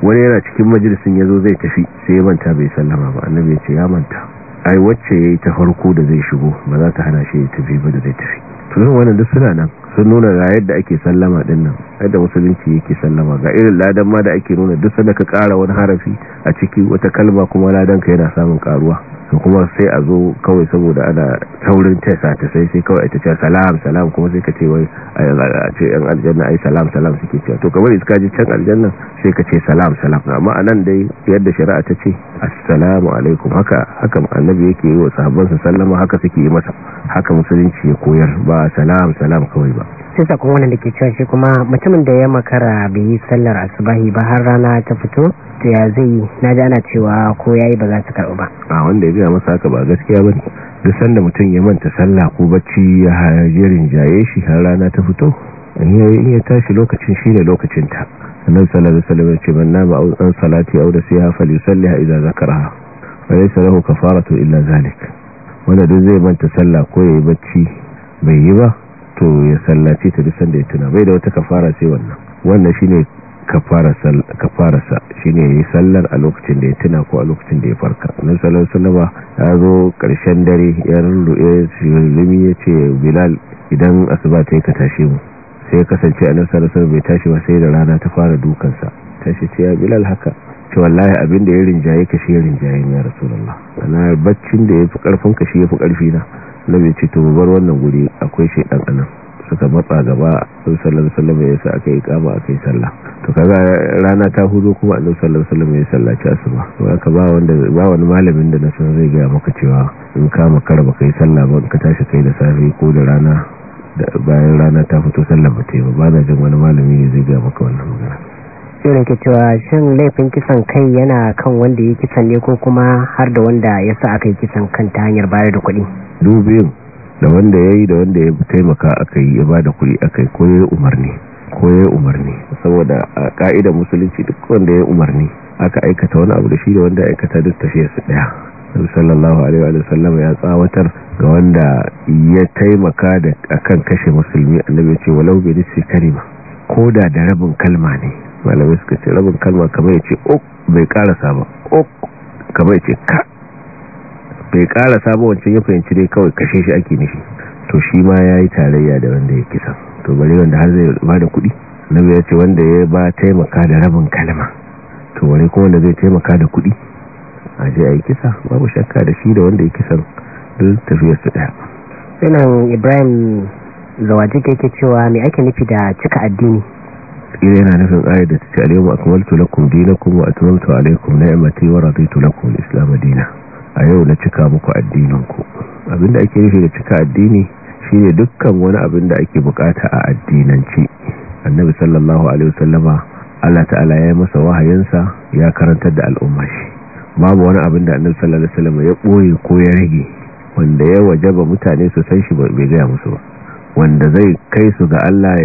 wani yana cikin majalisin yazo zai tafi sai ya manta bai sallama ba annabi ce ya manta ai wacce yayi ta farko da zai shigo ba za ta hana shi ya tafi ba da zai tafi to wannan duk suna nan sun nuna ga yadda ake sallama din nan yadda musulunci yake sallama ga irin ladan ma da ake nuna duk sanda ka kara wani harafi a ciki wata kalma kuma ladan ka yana samun karuwa to kuma sai a zo kawai saboda ana taurin tesa ta sai sai kawai ta ce salam salam kuma sai ka ce wai a ce yan aljanna ai salam salam suke cewa to kamar iska ji can aljanna sai ka ce salam salam amma anan dai yadda shari'a ta ce assalamu alaikum haka haka annabi yake yi wa sahabbansa sallama haka suke yi masa haka musulunci ya koyar ba salam salam kawai ba sai sakon wannan da ke cewa shi kuma mutumin da ya makara bai yi sallar asubahi ba har rana ta fito to ya zai na ji ana cewa ko ya yi ba za su karɓi ba a wanda ya gina masa haka ba gaskiya ba da sanda mutum ya manta sallah ko bacci ya hajerin jaye shi har rana ta fito in ya tashi lokacin shi ne lokacinta annabi sallallahu alaihi wasallam ya ce man nama an salati aw da siha falyusalliha idza zakaraha fa laysa lahu kafaratu illa zalik wanda duk zai manta sallah ko ya yi bacci bai yi ba to ya sallace ta duk sanda ya tuna bai da wata kafara sai wannan wannan shine sa shi ne ya yi sallar a lokacin da ya tuna ko a lokacin da ya farka nan salar ba ya zo ƙarshen dare ya rurruɗe zulumi ya ce bilal idan asuba ta yi ka tashe mu sai ya kasance a nan salar bai tashi ba sai da rana ta fara dukansa tashi ce ya bilal haka ce wallahi abin da ya rinjaye ka shi ya rinjaye ya rasulullah ana baccin da ya fi karfin ka shi ya fi karfi na na bai ce to bar wannan guri akwai shaidan anan suka matsa gaba sallallahu alaihi mai yasa aka yi kama aka yi sallah to kaga rana ta hudu kuma annabi sallallahu alaihi ya sallaci asuba to su ba wanda ba wani malamin da na san zai gaya maka cewa in kama karba kai sallah ba ka tashi kai da safe ko da rana bayan rana ta fito sallah ba ta yi ba ba na jin wani malami ne zai gaya maka wannan magana irin ke cewa shin laifin kisan kai yana kan wanda ya kisan ne ko kuma har da wanda ya sa aka yi kisan kan ta hanyar bayar da kuɗi dubin da wanda ya yi da wanda ya taimaka aka yi ya ba da kuɗi aka yi umarni ko umarni saboda a ka'idar musulunci duk wanda ya umarni aka aikata wani abu da shi da wanda aikata duk tafiya su ɗaya nabi sallallahu alaihi wa sallam ya tsawatar ga wanda ya taimaka da akan kashe musulmi annabi ya ce walau bi nisfi kalima ko da da rabin kalma ne malamai suka ce rabin kalma kamar ya ce ok bai karasa ba ok kamar ya ce ka bai karasa ba wancan ya fahimci dai kawai kashe shi ake nishi to shi ma ya yi tarayya da wanda ya kisa to bari wanda har zai ba da kuɗi na biya ce wanda ya ba taimaka da rabin kalma to wani kuma wanda zai taimaka da kuɗi a je a yi kisa babu shakka da shi da wanda ya kisan duk tafiyar su ɗaya sunan ibrahim zawaje ke cewa me ake nufi da cika addini kila yana nufin ayar da tace alayhi wa akmaltu lakum dinakum wa atmamtu alaykum ni'mati wa raditu lakum al-islam a yau na cika muku addinin ku abinda ake nufi da cika addini shine dukkan wani abin da ake bukata a addinance annabi sallallahu alaihi wasallama Allah ta'ala ya yi masa wahayinsa ya karantar da al'umma shi babu wani abin da annabi sallallahu alaihi wasallama ya boye ko ya rage wanda ya wajaba mutane su san shi bai gaya musu ba wanda zai kai su ga Allah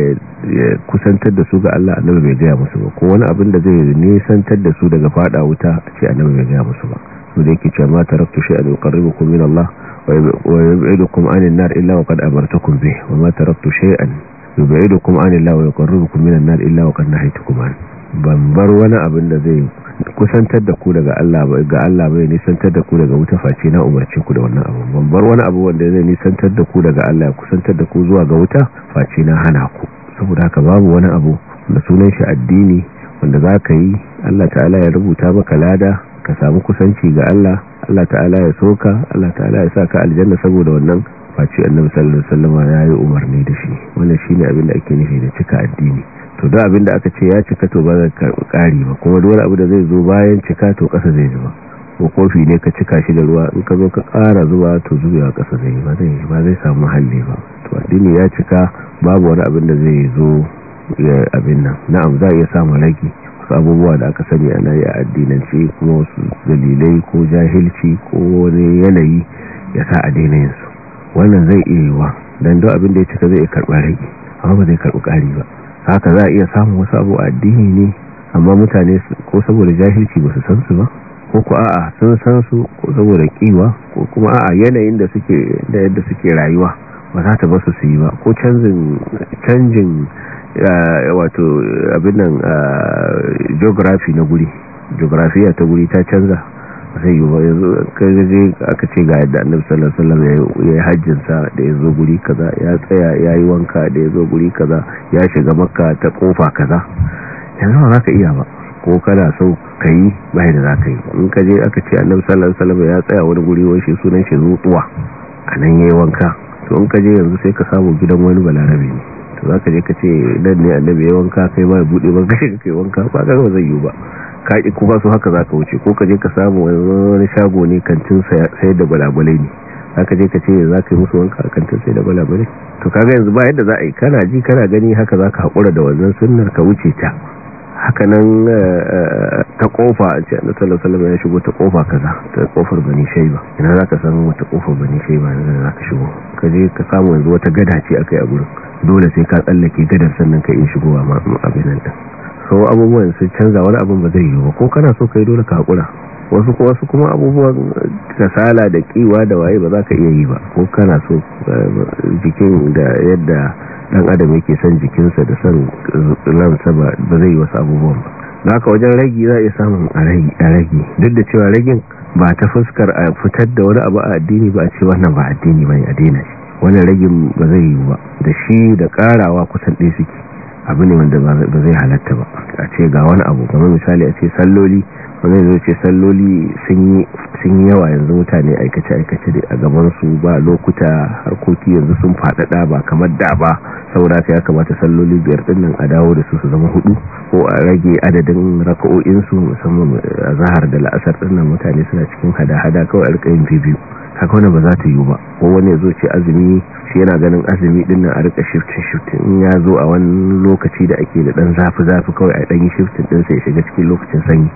ya kusantar da su ga Allah annabi bai gaya musu ba ko wani abin da zai nisantar da su daga fada wuta ce annabi bai gaya musu ba su da yake cewa ma taraktu shay'an yuqarribukum min Allah wa yub'idukum 'anil nar illa wa qad amartukum bih wa ma taraktu shay'an yub'idukum 'anil Allah wa yuqarribukum min an-nar illa wa qad nahaytukum 'anhu ban bar wani abin da zai kusantar da ku daga Allah ba ga Allah bai nisantar da ku daga wuta face na umarce ku da wannan abu ban bar wani abu wanda zai nisantar da ku daga Allah ya kusantar da ku zuwa ga wuta face na hana ku saboda haka babu wani abu da sunan shi addini wanda za ka yi Allah ta'ala ya rubuta maka lada ka samu kusanci ga Allah Allah ta'ala ya soka Allah ta'ala ya sa ka aljanna saboda wannan face annabi sallallahu alaihi wasallam ya yi umarni da shi wannan shine abin da ake nufi da cika addini to da abin da aka ce ya cika to ba zai karɓi ƙari ba kuma wani abu da zai zo bayan cika to ƙasa zai zuba ko kofi ne ka cika shi da ruwa in ka zo ka ƙara zuwa to zubewa ƙasa zai yi ba zai yi ba zai samu halli ba to addini ya cika babu wani abin da zai zo ya abin nan na'am za a iya samun ragi wasu abubuwa da aka sani ana yi a addinance kuma wasu dalilai ko jahilci ko wani yanayi ya sa a wannan zai iya yiwa don don abin da ya cika zai karɓi ragi amma ba zai karɓi ƙari ba haka za a iya samun wasu abu a addini ne amma mutane ko saboda jahilci ba su san su ba ko ku a'a sun san su ko saboda kiwa ko kuma a'a yanayin da suke da yadda suke rayuwa ba za ta ba su yi ba ko canjin canjin eh, wato abin nan eh, geography na guri geography ta guri ta canza zai yi ba yanzu kai gaje aka ce ga yadda annabi sallallahu alaihi wasallam ya yi hajjin sa da yazo guri kaza ya tsaya ya yi wanka da yazo guri kaza ya shiga makka ta kofa kaza yanzu ba za ka iya ba ko kana so ka yi bai da za ka yi in ka je aka ce annabi sallallahu alaihi wasallam ya tsaya wani guri wai shi sunan shi zuwa a nan ya wanka to in ka je yanzu sai ka samu gidan wani balarabe ne to za ka je ka ce nan ne annabi ya wanka kai ba ya buɗe ba ka shiga kai wanka ba ka ga zai yi ba ka ki ku ba su haka zaka wuce ko ka je ka samu wani shago ne kantin sayar da balabale ne zaka je ka ce zaka yi musu wanka kantin sayar da balabale to kaga yanzu ba yadda za a yi kana ji kana gani haka zaka hakura da wannan sunnar ka wuce ta nan eh, eh, ta kofa a ce annabi sallallahu alaihi ya shigo ta kofa kaza ta kofar bani shayba za zaka samu wata kofar bani shayba ne zaka shigo ka je ka samu yanzu wata gada ce akai a gurin dole sai ka tsallake gadar sannan ka yi shigowa ma abin nan kawo abubuwan su canza wani abin ba zai yi ba ko kana so ka yi dole ka hakura wasu kuma su kuma abubuwan kasala da kiwa da waye ba za ka iya yi ba ko kana so eh, jikin da yadda dan adam yake son jikinsa da son lansa ba zai yi wasu abubuwan ba za ka wajen ragi za a iya samun a ragi duk da cewa ragin ba ta fuskar a fitar da wani abu a addini ba a ce wannan ba addini ba ne a daina shi wannan ragin ba zai yi ba da shi da karawa kusan ɗaya suke abu ne wanda ba zai halatta ba a ce ga wani abu kamar misali a ce salloli wani ya ce salloli sun yi yawa yanzu mutane aikace-aikace da a gabansu ba lokuta harkoki yanzu sun faɗaɗa ba kamar da ba saboda ya kamata salloli biyar ɗin nan a dawo da su su zama hudu ko a rage adadin raka'o'insu musamman a zahar da la'asar ɗinnan nan mutane suna cikin hada-hada kawai alƙayin biyu wani ba za ta yi ba ko wani ya zo ce azumi shi yana ganin azumi din nan a rika shiftin shiftin in ya zo a wani lokaci da ake da dan zafi zafi kawai a dan yi shiftin din sai shiga cikin lokacin sanyi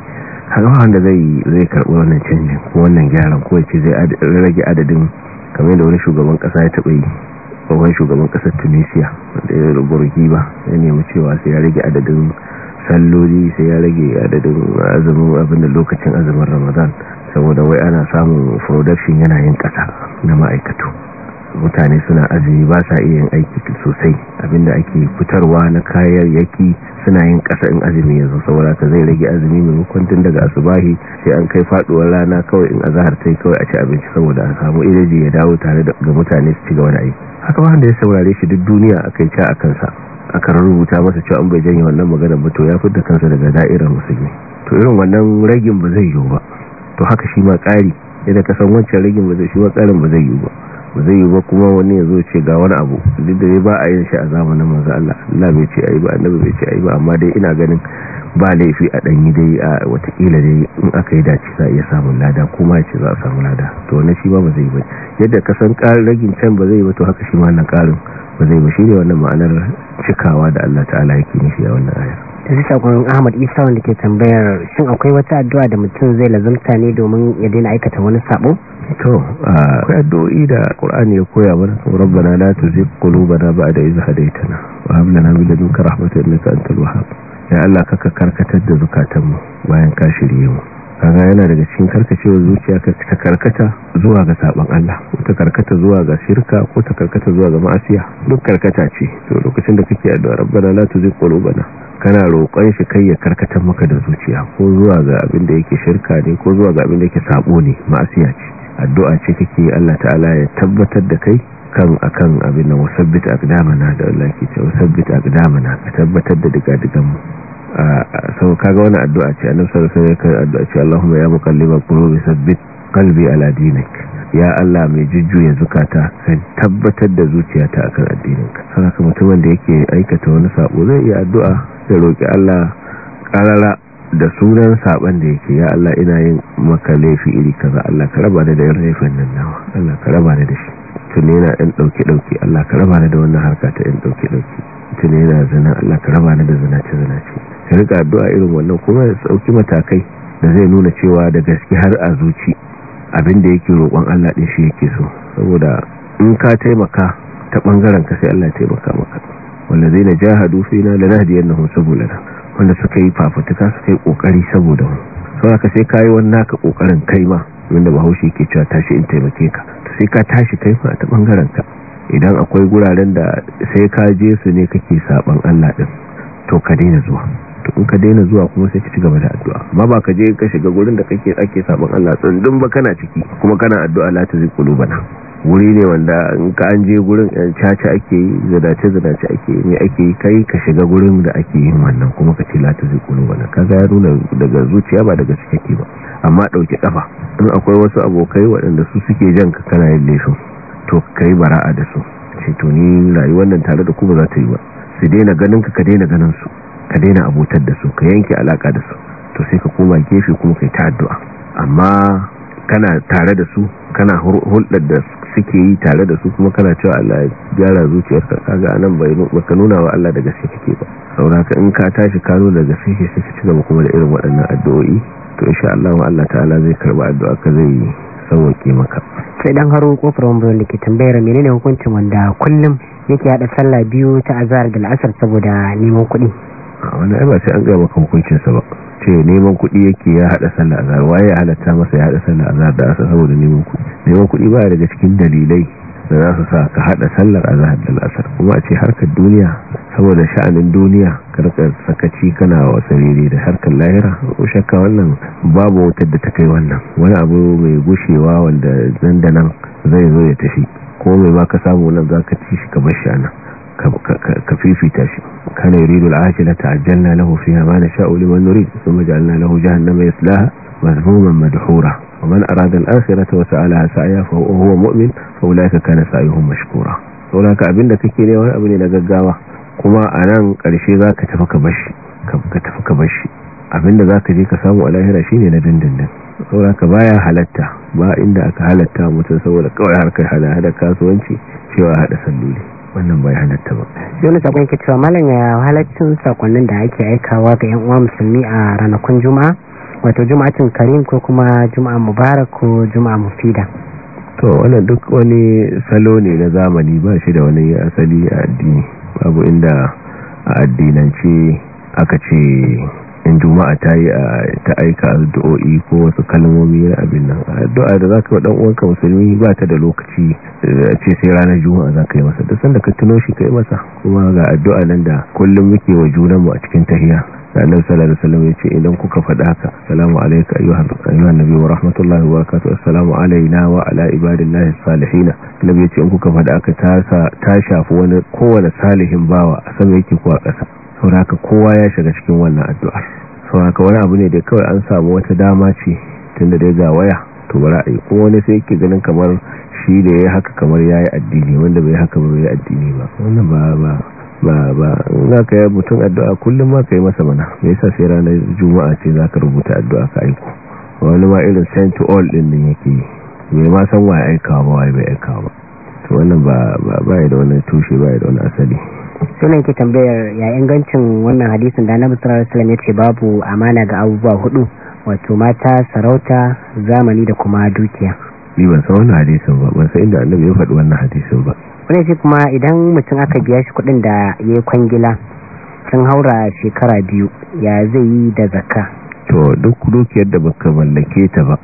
haka wanda zai zai karbi wannan canjin ko wannan gyaran ko yace zai rage adadin kamar da wani shugaban kasa ya taba yi wani shugaban kasar Tunisia wanda ya rubuta ba ya nemi cewa sai ya rage adadin salloli sai ya rage adadin azumin abin da lokacin azumin Ramadan saboda wai ana samun production yana yin ƙasa na ma'aikatu mutane suna azumi ba sa iya yin aiki sosai abinda ake fitarwa na kayayyaki suna yin ƙasa in azumi yanzu saboda ka zai rage azumi mai tun daga asubahi sai an kai faduwar rana kawai in azahar sai kawai a ci abinci saboda a samu iriji ya dawo tare da mutane su ci gaba da aiki haka ba da ya saurare shi duk duniya a kai ca a kansa A kan rubuta masa cewa an bai janye wannan maganar ba to ya da kansa daga da'irar musulmi to irin wannan ragin ba zai yiwu ba to haka shi ma tsari yadda ka san wancan ragin ba zai shi wa tsarin ba zai yi ba ba zai yi ba kuma wani ya zo ce ga wani abu duk da ba a yin shi a zamanin manzo Allah Allah bai ce ayi ba annabi bai ce ayi ba amma dai ina ganin ba laifi a danyi dai a watakila dai in aka yi dace za a iya samun lada kuma ya ce za a samu lada to wani shi ba ba zai yi ba yadda ka san ragin can ba zai yi ba to haka shi ma wannan karin ba zai ba shi ne wannan ma'anar cikawa da Allah ta'ala yake nufi a wannan ayar ta ji ahmad isa wanda ke tambayar shin akwai wata addu'a da mutum zai lazumta ne domin ya daina aikata wani sabo to akwai addu'o'i da ƙur'ani ya koya mana rabbana la tuzigh qulubana ba'da idh hadaytana wa hab lana min ladunka rahmatan innaka antal wahhab ya allah ka karkatar da zukatanmu bayan ka shirye mu kaga yana daga cikin karkacewar zuciya ta karkata zuwa ga saban Allah ko ta karkata zuwa ga shirka ko ta karkata zuwa ga ma'asiya duk karkata ce to lokacin da kake addu'a rabbana la tuzigh qulubana kana roƙon shi kai ya karkata maka da zuciya ko zuwa ga abin da yake shirka ne ko zuwa ga abin da yake sabo ne ma'asiya ce addu'a ce kake Allah ta'ala ya tabbatar da kai kan akan abin da wasabbit aqdamana da Allah ke ce wasabbit aqdamana ka tabbatar da diga digan mu sau kaga wani addu'a ce annabi sallallahu alaihi wasallam addu'a ce Allahumma ya muqallibal qulubi sabbit qalbi ala dinik ya Allah mai jujjuya zukata kan tabbatar da zuciyata akan addininka kuma mutumin da yake aikata wani sabo zai iya addu'a da roki Allah karara da sunan saban da yake ya Allah ina yin maka laifi iri kaza Allah ka raba da irin laifin nan nawa Allah ka raba da shi tun yana ɗan ɗauki-ɗauki Allah ka raba da wannan harka ta ɗan ɗauki-ɗauki tun yana zina Allah ka raba da zinace-zinace ya rika addu'a irin wannan kuma ya sauki matakai da zai nuna cewa da gaske har a zuci abinda da yake roƙon Allah din shi yake so saboda in ka taimaka ta bangaren ka sai Allah ya taimaka maka na jahadu fina lanahdiyannahum subulana wanda suka yi fafutuka suka yi kokari saboda mu sai ka sai kai wannan naka kokarin kai ma wanda bahaushe ke cewa tashi in taimake ka to sai ka tashi kai ma ta bangaren ka idan akwai guraren da sai ka je su ne kake saɓan Allah din to ka daina zuwa to in ka daina zuwa kuma sai ka ci gaba da addu'a amma ba ka je ka shiga gurin da kake ake sabon Allah dun ba kana ciki kuma kana addu'a la ta ziqulu bana wuri ne wanda in ka an je gurin eh, caca ake yi zadace zadace ake yi ne ake kai ka shiga gurin da ake yin wannan kuma ka ce la ta ziqulu bana ka ya nuna daga zuciya ba daga cikake ba amma ɗauki kafa in akwai wasu abokai waɗanda su suke jan ka kana yin laifin to kai bara'a da su ce to ni rayuwar nan tare da ku ba za ta yi ba su daina ganin ka ka daina ganin su ka daina abotar da su ka yanke alaka da su to sai ka koma gefe kuma kai ta addu'a amma kana tare da su kana hulɗar da suke yi tare da su kuma kana cewa Allah ya gyara zuciyarka kaga anan bai nuna wa Allah daga gaske kake ba sauraka in ka tashi ka nuna daga gaske kake sai ka ci gaba kuma da irin waɗannan addu'o'i to insha Allah Allah ta'ala zai karba addu'a ka zai sauke maka sai dan haro kofar wambar likitan bayar menene hukuncin wanda kullum yake hada sallah biyu ta azhar da al'asr saboda neman kuɗi a wani ai ba sai an ga maka hukuncin sa ba ce neman kuɗi yake ya hada sallar azhar waye ya halatta masa ya hada sallar azhar da asa saboda neman kuɗi neman kuɗi ba daga cikin dalilai da za su sa ka hada sallar azhar da asar kuma a ce harkar duniya saboda sha'anin duniya karkar sakaci kana wasa rere da harkar lahira ko shakka wannan babu wutar da ta kai wannan wani abu mai gushewa wanda nan zai zo ya tafi ko mai ka samu nan zaka ci shi ka bar shi anan ka fifita shi kana yuridu al'ajila ta'ajjalna lahu fiha ma nasha'u liman nurid thumma ja'alna lahu jahannama yaslaha madhmuman madhura wa man arada al-akhirata wa sa'alaha sa'ya fa huwa mu'min fa ulaika kana sa'yuhum mashkura saboda abinda kake ne wani abu ne na gaggawa kuma a nan ƙarshe za ka tafi ka bashi ka tafi ka bashi abinda za je ka samu a lahira shine na dindindin saboda ka baya halatta ba inda aka halatta mutum saboda kawai harkar hada-hada kasuwanci cewa hada salloli wannan bai halatta ba yana sakon ke cewa malam ya halaccin sakonnin da ake aikawa ga yan uwa musulmi a ranakun juma'a wato juma'atin karim ko kuma juma'a mubarak ko juma'a mufida to wannan duk wani salo ne na zamani ba shi da wani asali a addini babu inda a addinance aka ce in juma'a ta yi ta aika addu'o'i ko wasu kalmomi na abin nan addu'a da zaka wa dan uwanka musulmi ba ta da lokaci eh, a ce sai ranar juma'a zaka yi masa da sanda ka tuno shi kai masa kuma ga addu'a nan da kullum muke wa mu a cikin tahiya annabi sallallahu alaihi wasallam yace idan kuka faɗa haka assalamu alayka ayyuhan ayyuhan nabiy wa rahmatullahi wa barakatuh assalamu alayna wa ala ibadillahi salihin annabi yace in kuka faɗa haka ta ta shafi wani kowane salihin bawa a sama yake ko a ƙasa sauraka kowa ya shiga cikin wannan addu'ar sauraka wani abu ne da kawai an samu wata dama ce tunda da ga waya to bara a yi wani sai yake ganin kamar shi da ya haka kamar ya yi addini wanda bai haka ba yi addini ba wannan ba ba ba ba ka yi mutum addu'a kullum ma ka yi masa mana me yasa sai ranar juma'a ce za ka rubuta addu'a ka aiko wani ma irin sent to all din nan yake mai ma san waye aikawa ba waye bai aikawa ba to wannan ba ba ya da wani tushe ba ya da wani asali sunan ke tambayar ya ingancin wannan hadisin da annabi sallallahu alaihi wasallam ce, babu amana ga abubuwa hudu wato mata sarauta zamani da kuma dukiya ni ban san wannan hadisin ba ban san inda annabi ya faɗi wannan hadisin ba wani shi kuma idan mutum aka biya shi kuɗin da ya yi kwangila sun haura shekara biyu ya zai yi da zakka to duk dukiyar da baka mallake ta ba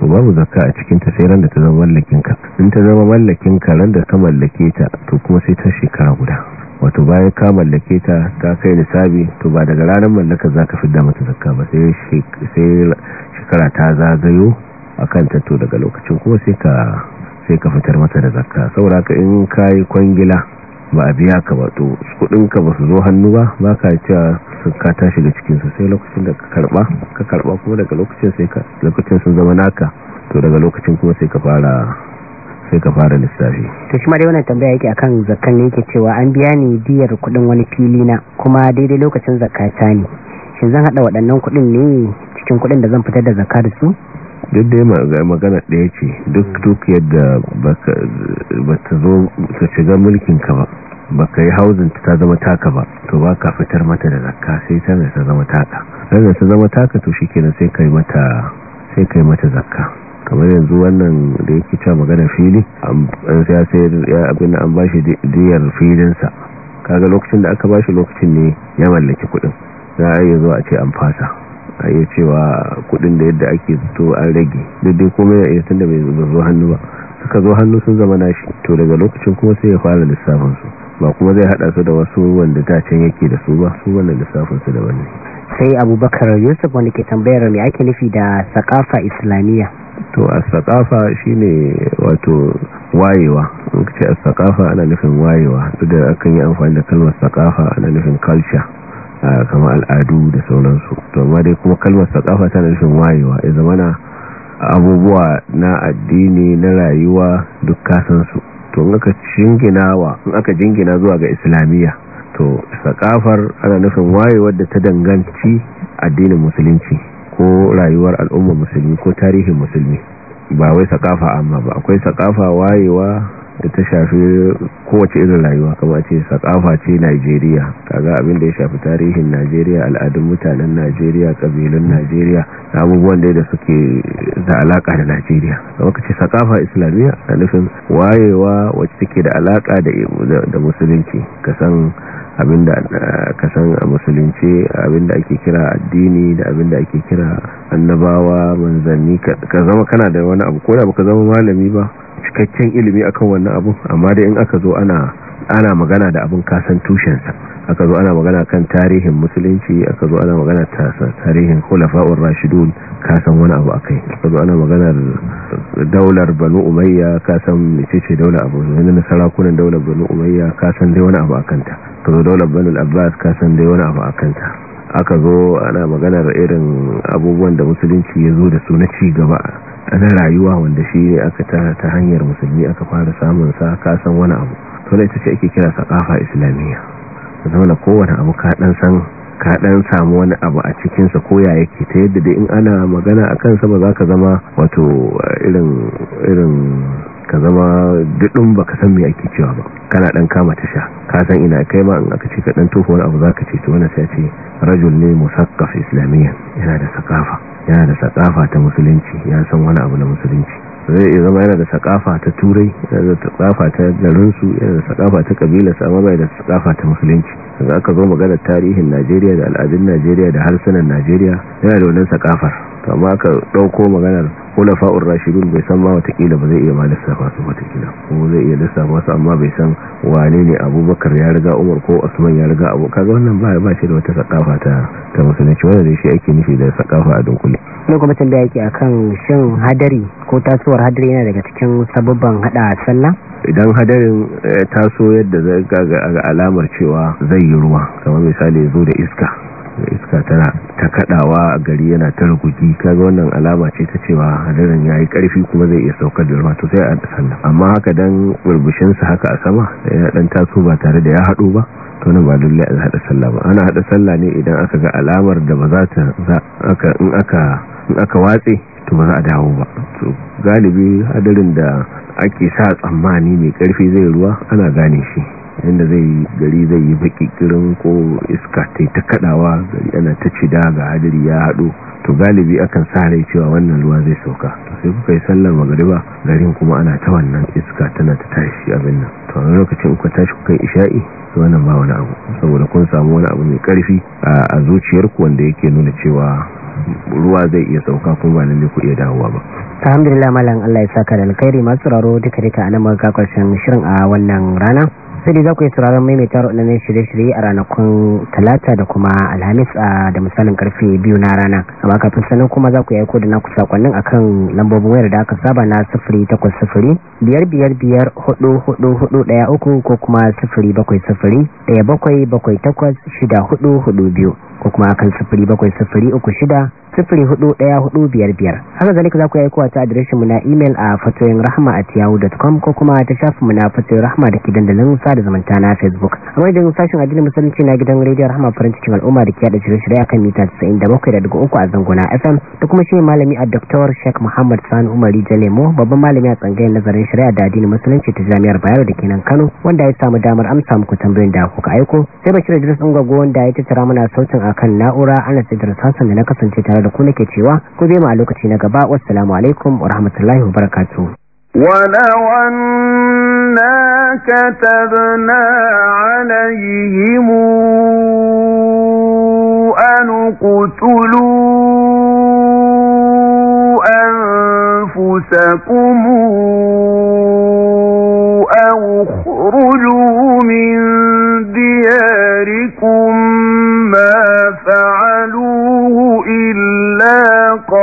to babu zakka a cikin ta sai ran da ta zama mallakin ka in ta zama mallakin ka ran da ka mallake ta to kuma sai ta shekara guda wato bayan ka mallake ta ta kai nisabi to ba daga ranar mallaka za ka fidda mata zakka ba sai shekara ta zagayo a kanta to daga lokacin kuma sai ka fitar mata da zakka saura ka in ka yi kwangila ba a biya ka ba to kudinka ba su zo hannu ba ba ka cewa ka ta shiga cikinsu sai lokacin da ka karba ka kuma daga lokacin sun zama naka to daga lokacin kuma sai ka fara sai ka fara lissafi to shi ma dai tambaya yake akan zakkan ne yake cewa an biya ni diyar kudin wani fili na kuma daidai lokacin zakata ne shi zan hada waɗannan kudin ne cikin kudin da zan fitar da zakka da su duk dai magana ɗaya ce duk hmm. duk yadda ba ta zo ta shiga mulkin ba ba ka yi hauzin ta zama taka ba to ba ka fitar mata da zakka sai ta zama taka tana ta zama taka to shi kenan sai ka yi mata zakka kamar yanzu wannan da yake cewa magana fili ya sayar ya abin an ba shi diyar filin sa kaga lokacin da aka ba shi lokacin ne ya mallaki kudin za a iya zuwa a ce an fasa a iya cewa kudin da yadda ake to an rage daidai kuma ya iya tunda bai zo hannu ba suka zo hannu sun zama nashi to daga lokacin kuma sai ya fara lissafin su ba kuma zai hada su da wasu wanda can yake da su ba su wannan lissafin su da sai abubakar yusuf wanda ke tambayar mai ake nufi da sakafa islamiyya to a sakafa ne wato wayewa in ce a sakafa ana nufin wayewa duk da akan yi amfani da kalmar sakafa ana nufin culture kamar al'adu da sauransu to amma dai kuma kalmar sakafa tana nufin wayewa ya na abubuwa na addini na rayuwa duk kasansu to in aka jingina zuwa ga islamiyya to sakafar ana nufin wayewar da ta danganci addinin musulunci ko rayuwar al'ummar musulmi ko tarihin musulmi ba wai sakafa amma ba akwai sakafa wayewa da ta shafi kowace irin rayuwa kama ce sakafa ce Najeriya kaga abin da ya shafi tarihin Najeriya al'adun mutanen Najeriya kabilun Najeriya abubuwan da suke da alaka da Najeriya kama ce sakafa islamiyya na nufin wayewa wacce take da alaka da musulunci kasan ka san a musulunci da ake kira addini da abin da ake kira annabawa manzanni ka zama kana da wani abu ko da baka zama malami ba cikakken ilimi akan wannan abu amma da in aka zo ana ana magana da abin kasan tushensa aka zo ana magana kan tarihin musulunci aka zo ana magana tarihin khulafa'ur rashidun kasan wani abu akai aka zo ana magana daular banu umayya kasan ce daular abu wani sarakunan daular banu umayya kasan dai wani abu kanta aka zo daular banu abbas kasan dai wani abu kanta aka zo ana magana da irin abubuwan da musulunci ya zo da su na ci gaba na rayuwa wanda shi aka ta hanyar musulmi aka fara samun sa ka san wani abu to da ita ce ake kira sakafa islamiyya zauna kowane abu ka dan san ka dan samu wani abu a cikin sa ya yake ta yadda da in ana magana akan sa ba za ka zama wato eh, irin irin ka zama dudun baka san me ake cewa ba kana dan kama tasha ka san ina kai ma in aka ce ka dan tofa wani abu za ka ce to wannan sai ce rajul ne musaqqaf islamiyyan yana da sakafa yana da sakafa ta musulunci ya san wani abu na musulunci zai iya zama yana da sakafa ta turai yana da sakafa ta garinsu yana da sakafa ta kabila sama bai da sakafa ta musulunci za aka zo maganar tarihin najeriya da al'adun najeriya da harsunan najeriya yana da wannan sakafar kama ka ɗauko maganar ulafa'ur rashidun bai san ma watakila ba zai iya ma lissafa su watakila ko zai iya lissafa su amma bai san wane ne abubakar ya riga umar ko usman ya riga abu kaga wannan ba ba shi da wata sakafa ta ta musulunci wanda da shi ake nufi da sakafa a dunkule ne kuma tambaya yake akan shin hadari ko tasowar hadari yana daga cikin sababban hada sallah idan hadarin eh, taso yadda zai ga alamar cewa zai yi ruwa kamar misali zo da iska iska tana ta kadawa a gari yana ta rugugi kaga wannan alama ce ta cewa hadarin yayi karfi kuma zai iya saukar da ruwa to sai a sanna amma haka dan burbushin sa haka a sama ya dan taso ba tare da ya hado ba to ne ba lalle a hada sallah ba ana hada sallah ne idan aka ga alamar da ba za ta aka in aka in aka watse to ba za a dawo ba to galibi hadarin da ake sa tsammani mai karfi zai ruwa ana gane shi inda zai gari zai yi bakikirin ko iska ta ta kadawa gari ana ta cida ga hadiri ya haɗo, to galibi akan sa rai cewa wannan ruwa zai sauka to sai kuka yi sallar magariba garin kuma ana ta wannan iska tana ta tashi abin nan to a lokacin kuka tashi kuka yi isha'i to wannan ba wani abu saboda kun samu wani abu mai karfi a zuciyarku wanda yake nuna cewa ruwa zai iya sauka kuma ba lalle ku iya dawowa ba alhamdulillah malam Allah ya saka da alkhairi masu raro duka duka anan muka karshen shirin a wannan rana sai za ku yi sauraron maimaitar waɗannan shirye-shirye a ranakun talata da kuma alhamis a da misalin karfe biyu na rana amma kafin sanin kuma za ku yi aiko da na naku sakonnin akan lambobin wayar da aka saba na sifiri takwas sifiri biyar biyar biyar hudu hudu hudu ɗaya uku ko kuma sifiri bakwai sifiri ɗaya bakwai bakwai takwas shida hudu hudu biyu ko kuma akan biyar. haka zalika za ku yi aikowa ta adireshinmu na imel a fatoyin rahama at yahoo.com ko kuma ta shafinmu na fatoyin rahama da ke dandalin sada zamanta na facebook a wajen sashen addinin musulunci na gidan rediyo rahama farin cikin al'umma da ke yada shirye-shirye akan mita 97.3 a zanguna fm da kuma shi malami a dr sheikh muhammad sani umari jalemo babban malami a tsangayin nazarin shari'a da addinin musulunci ta jami'ar bayero da ke kano wanda ya samu damar amsa muku tambayoyin da kuka aiko sai bashir idris ungwago wanda ya tattara mana sautin a kan na'ura ana tsidar sassan da na kasance tare da ku nake cewa ku zai ma lokaci na gaba wassalamu alaikum wa rahmatullahi wa barakatuh ولو أنا كتبنا عليهم أن اقتلوا أنفسكم أو اخرجوا من دياركم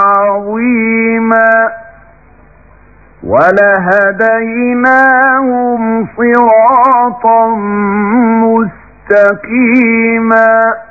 عظيما ولهديناهم صراطا مستقيما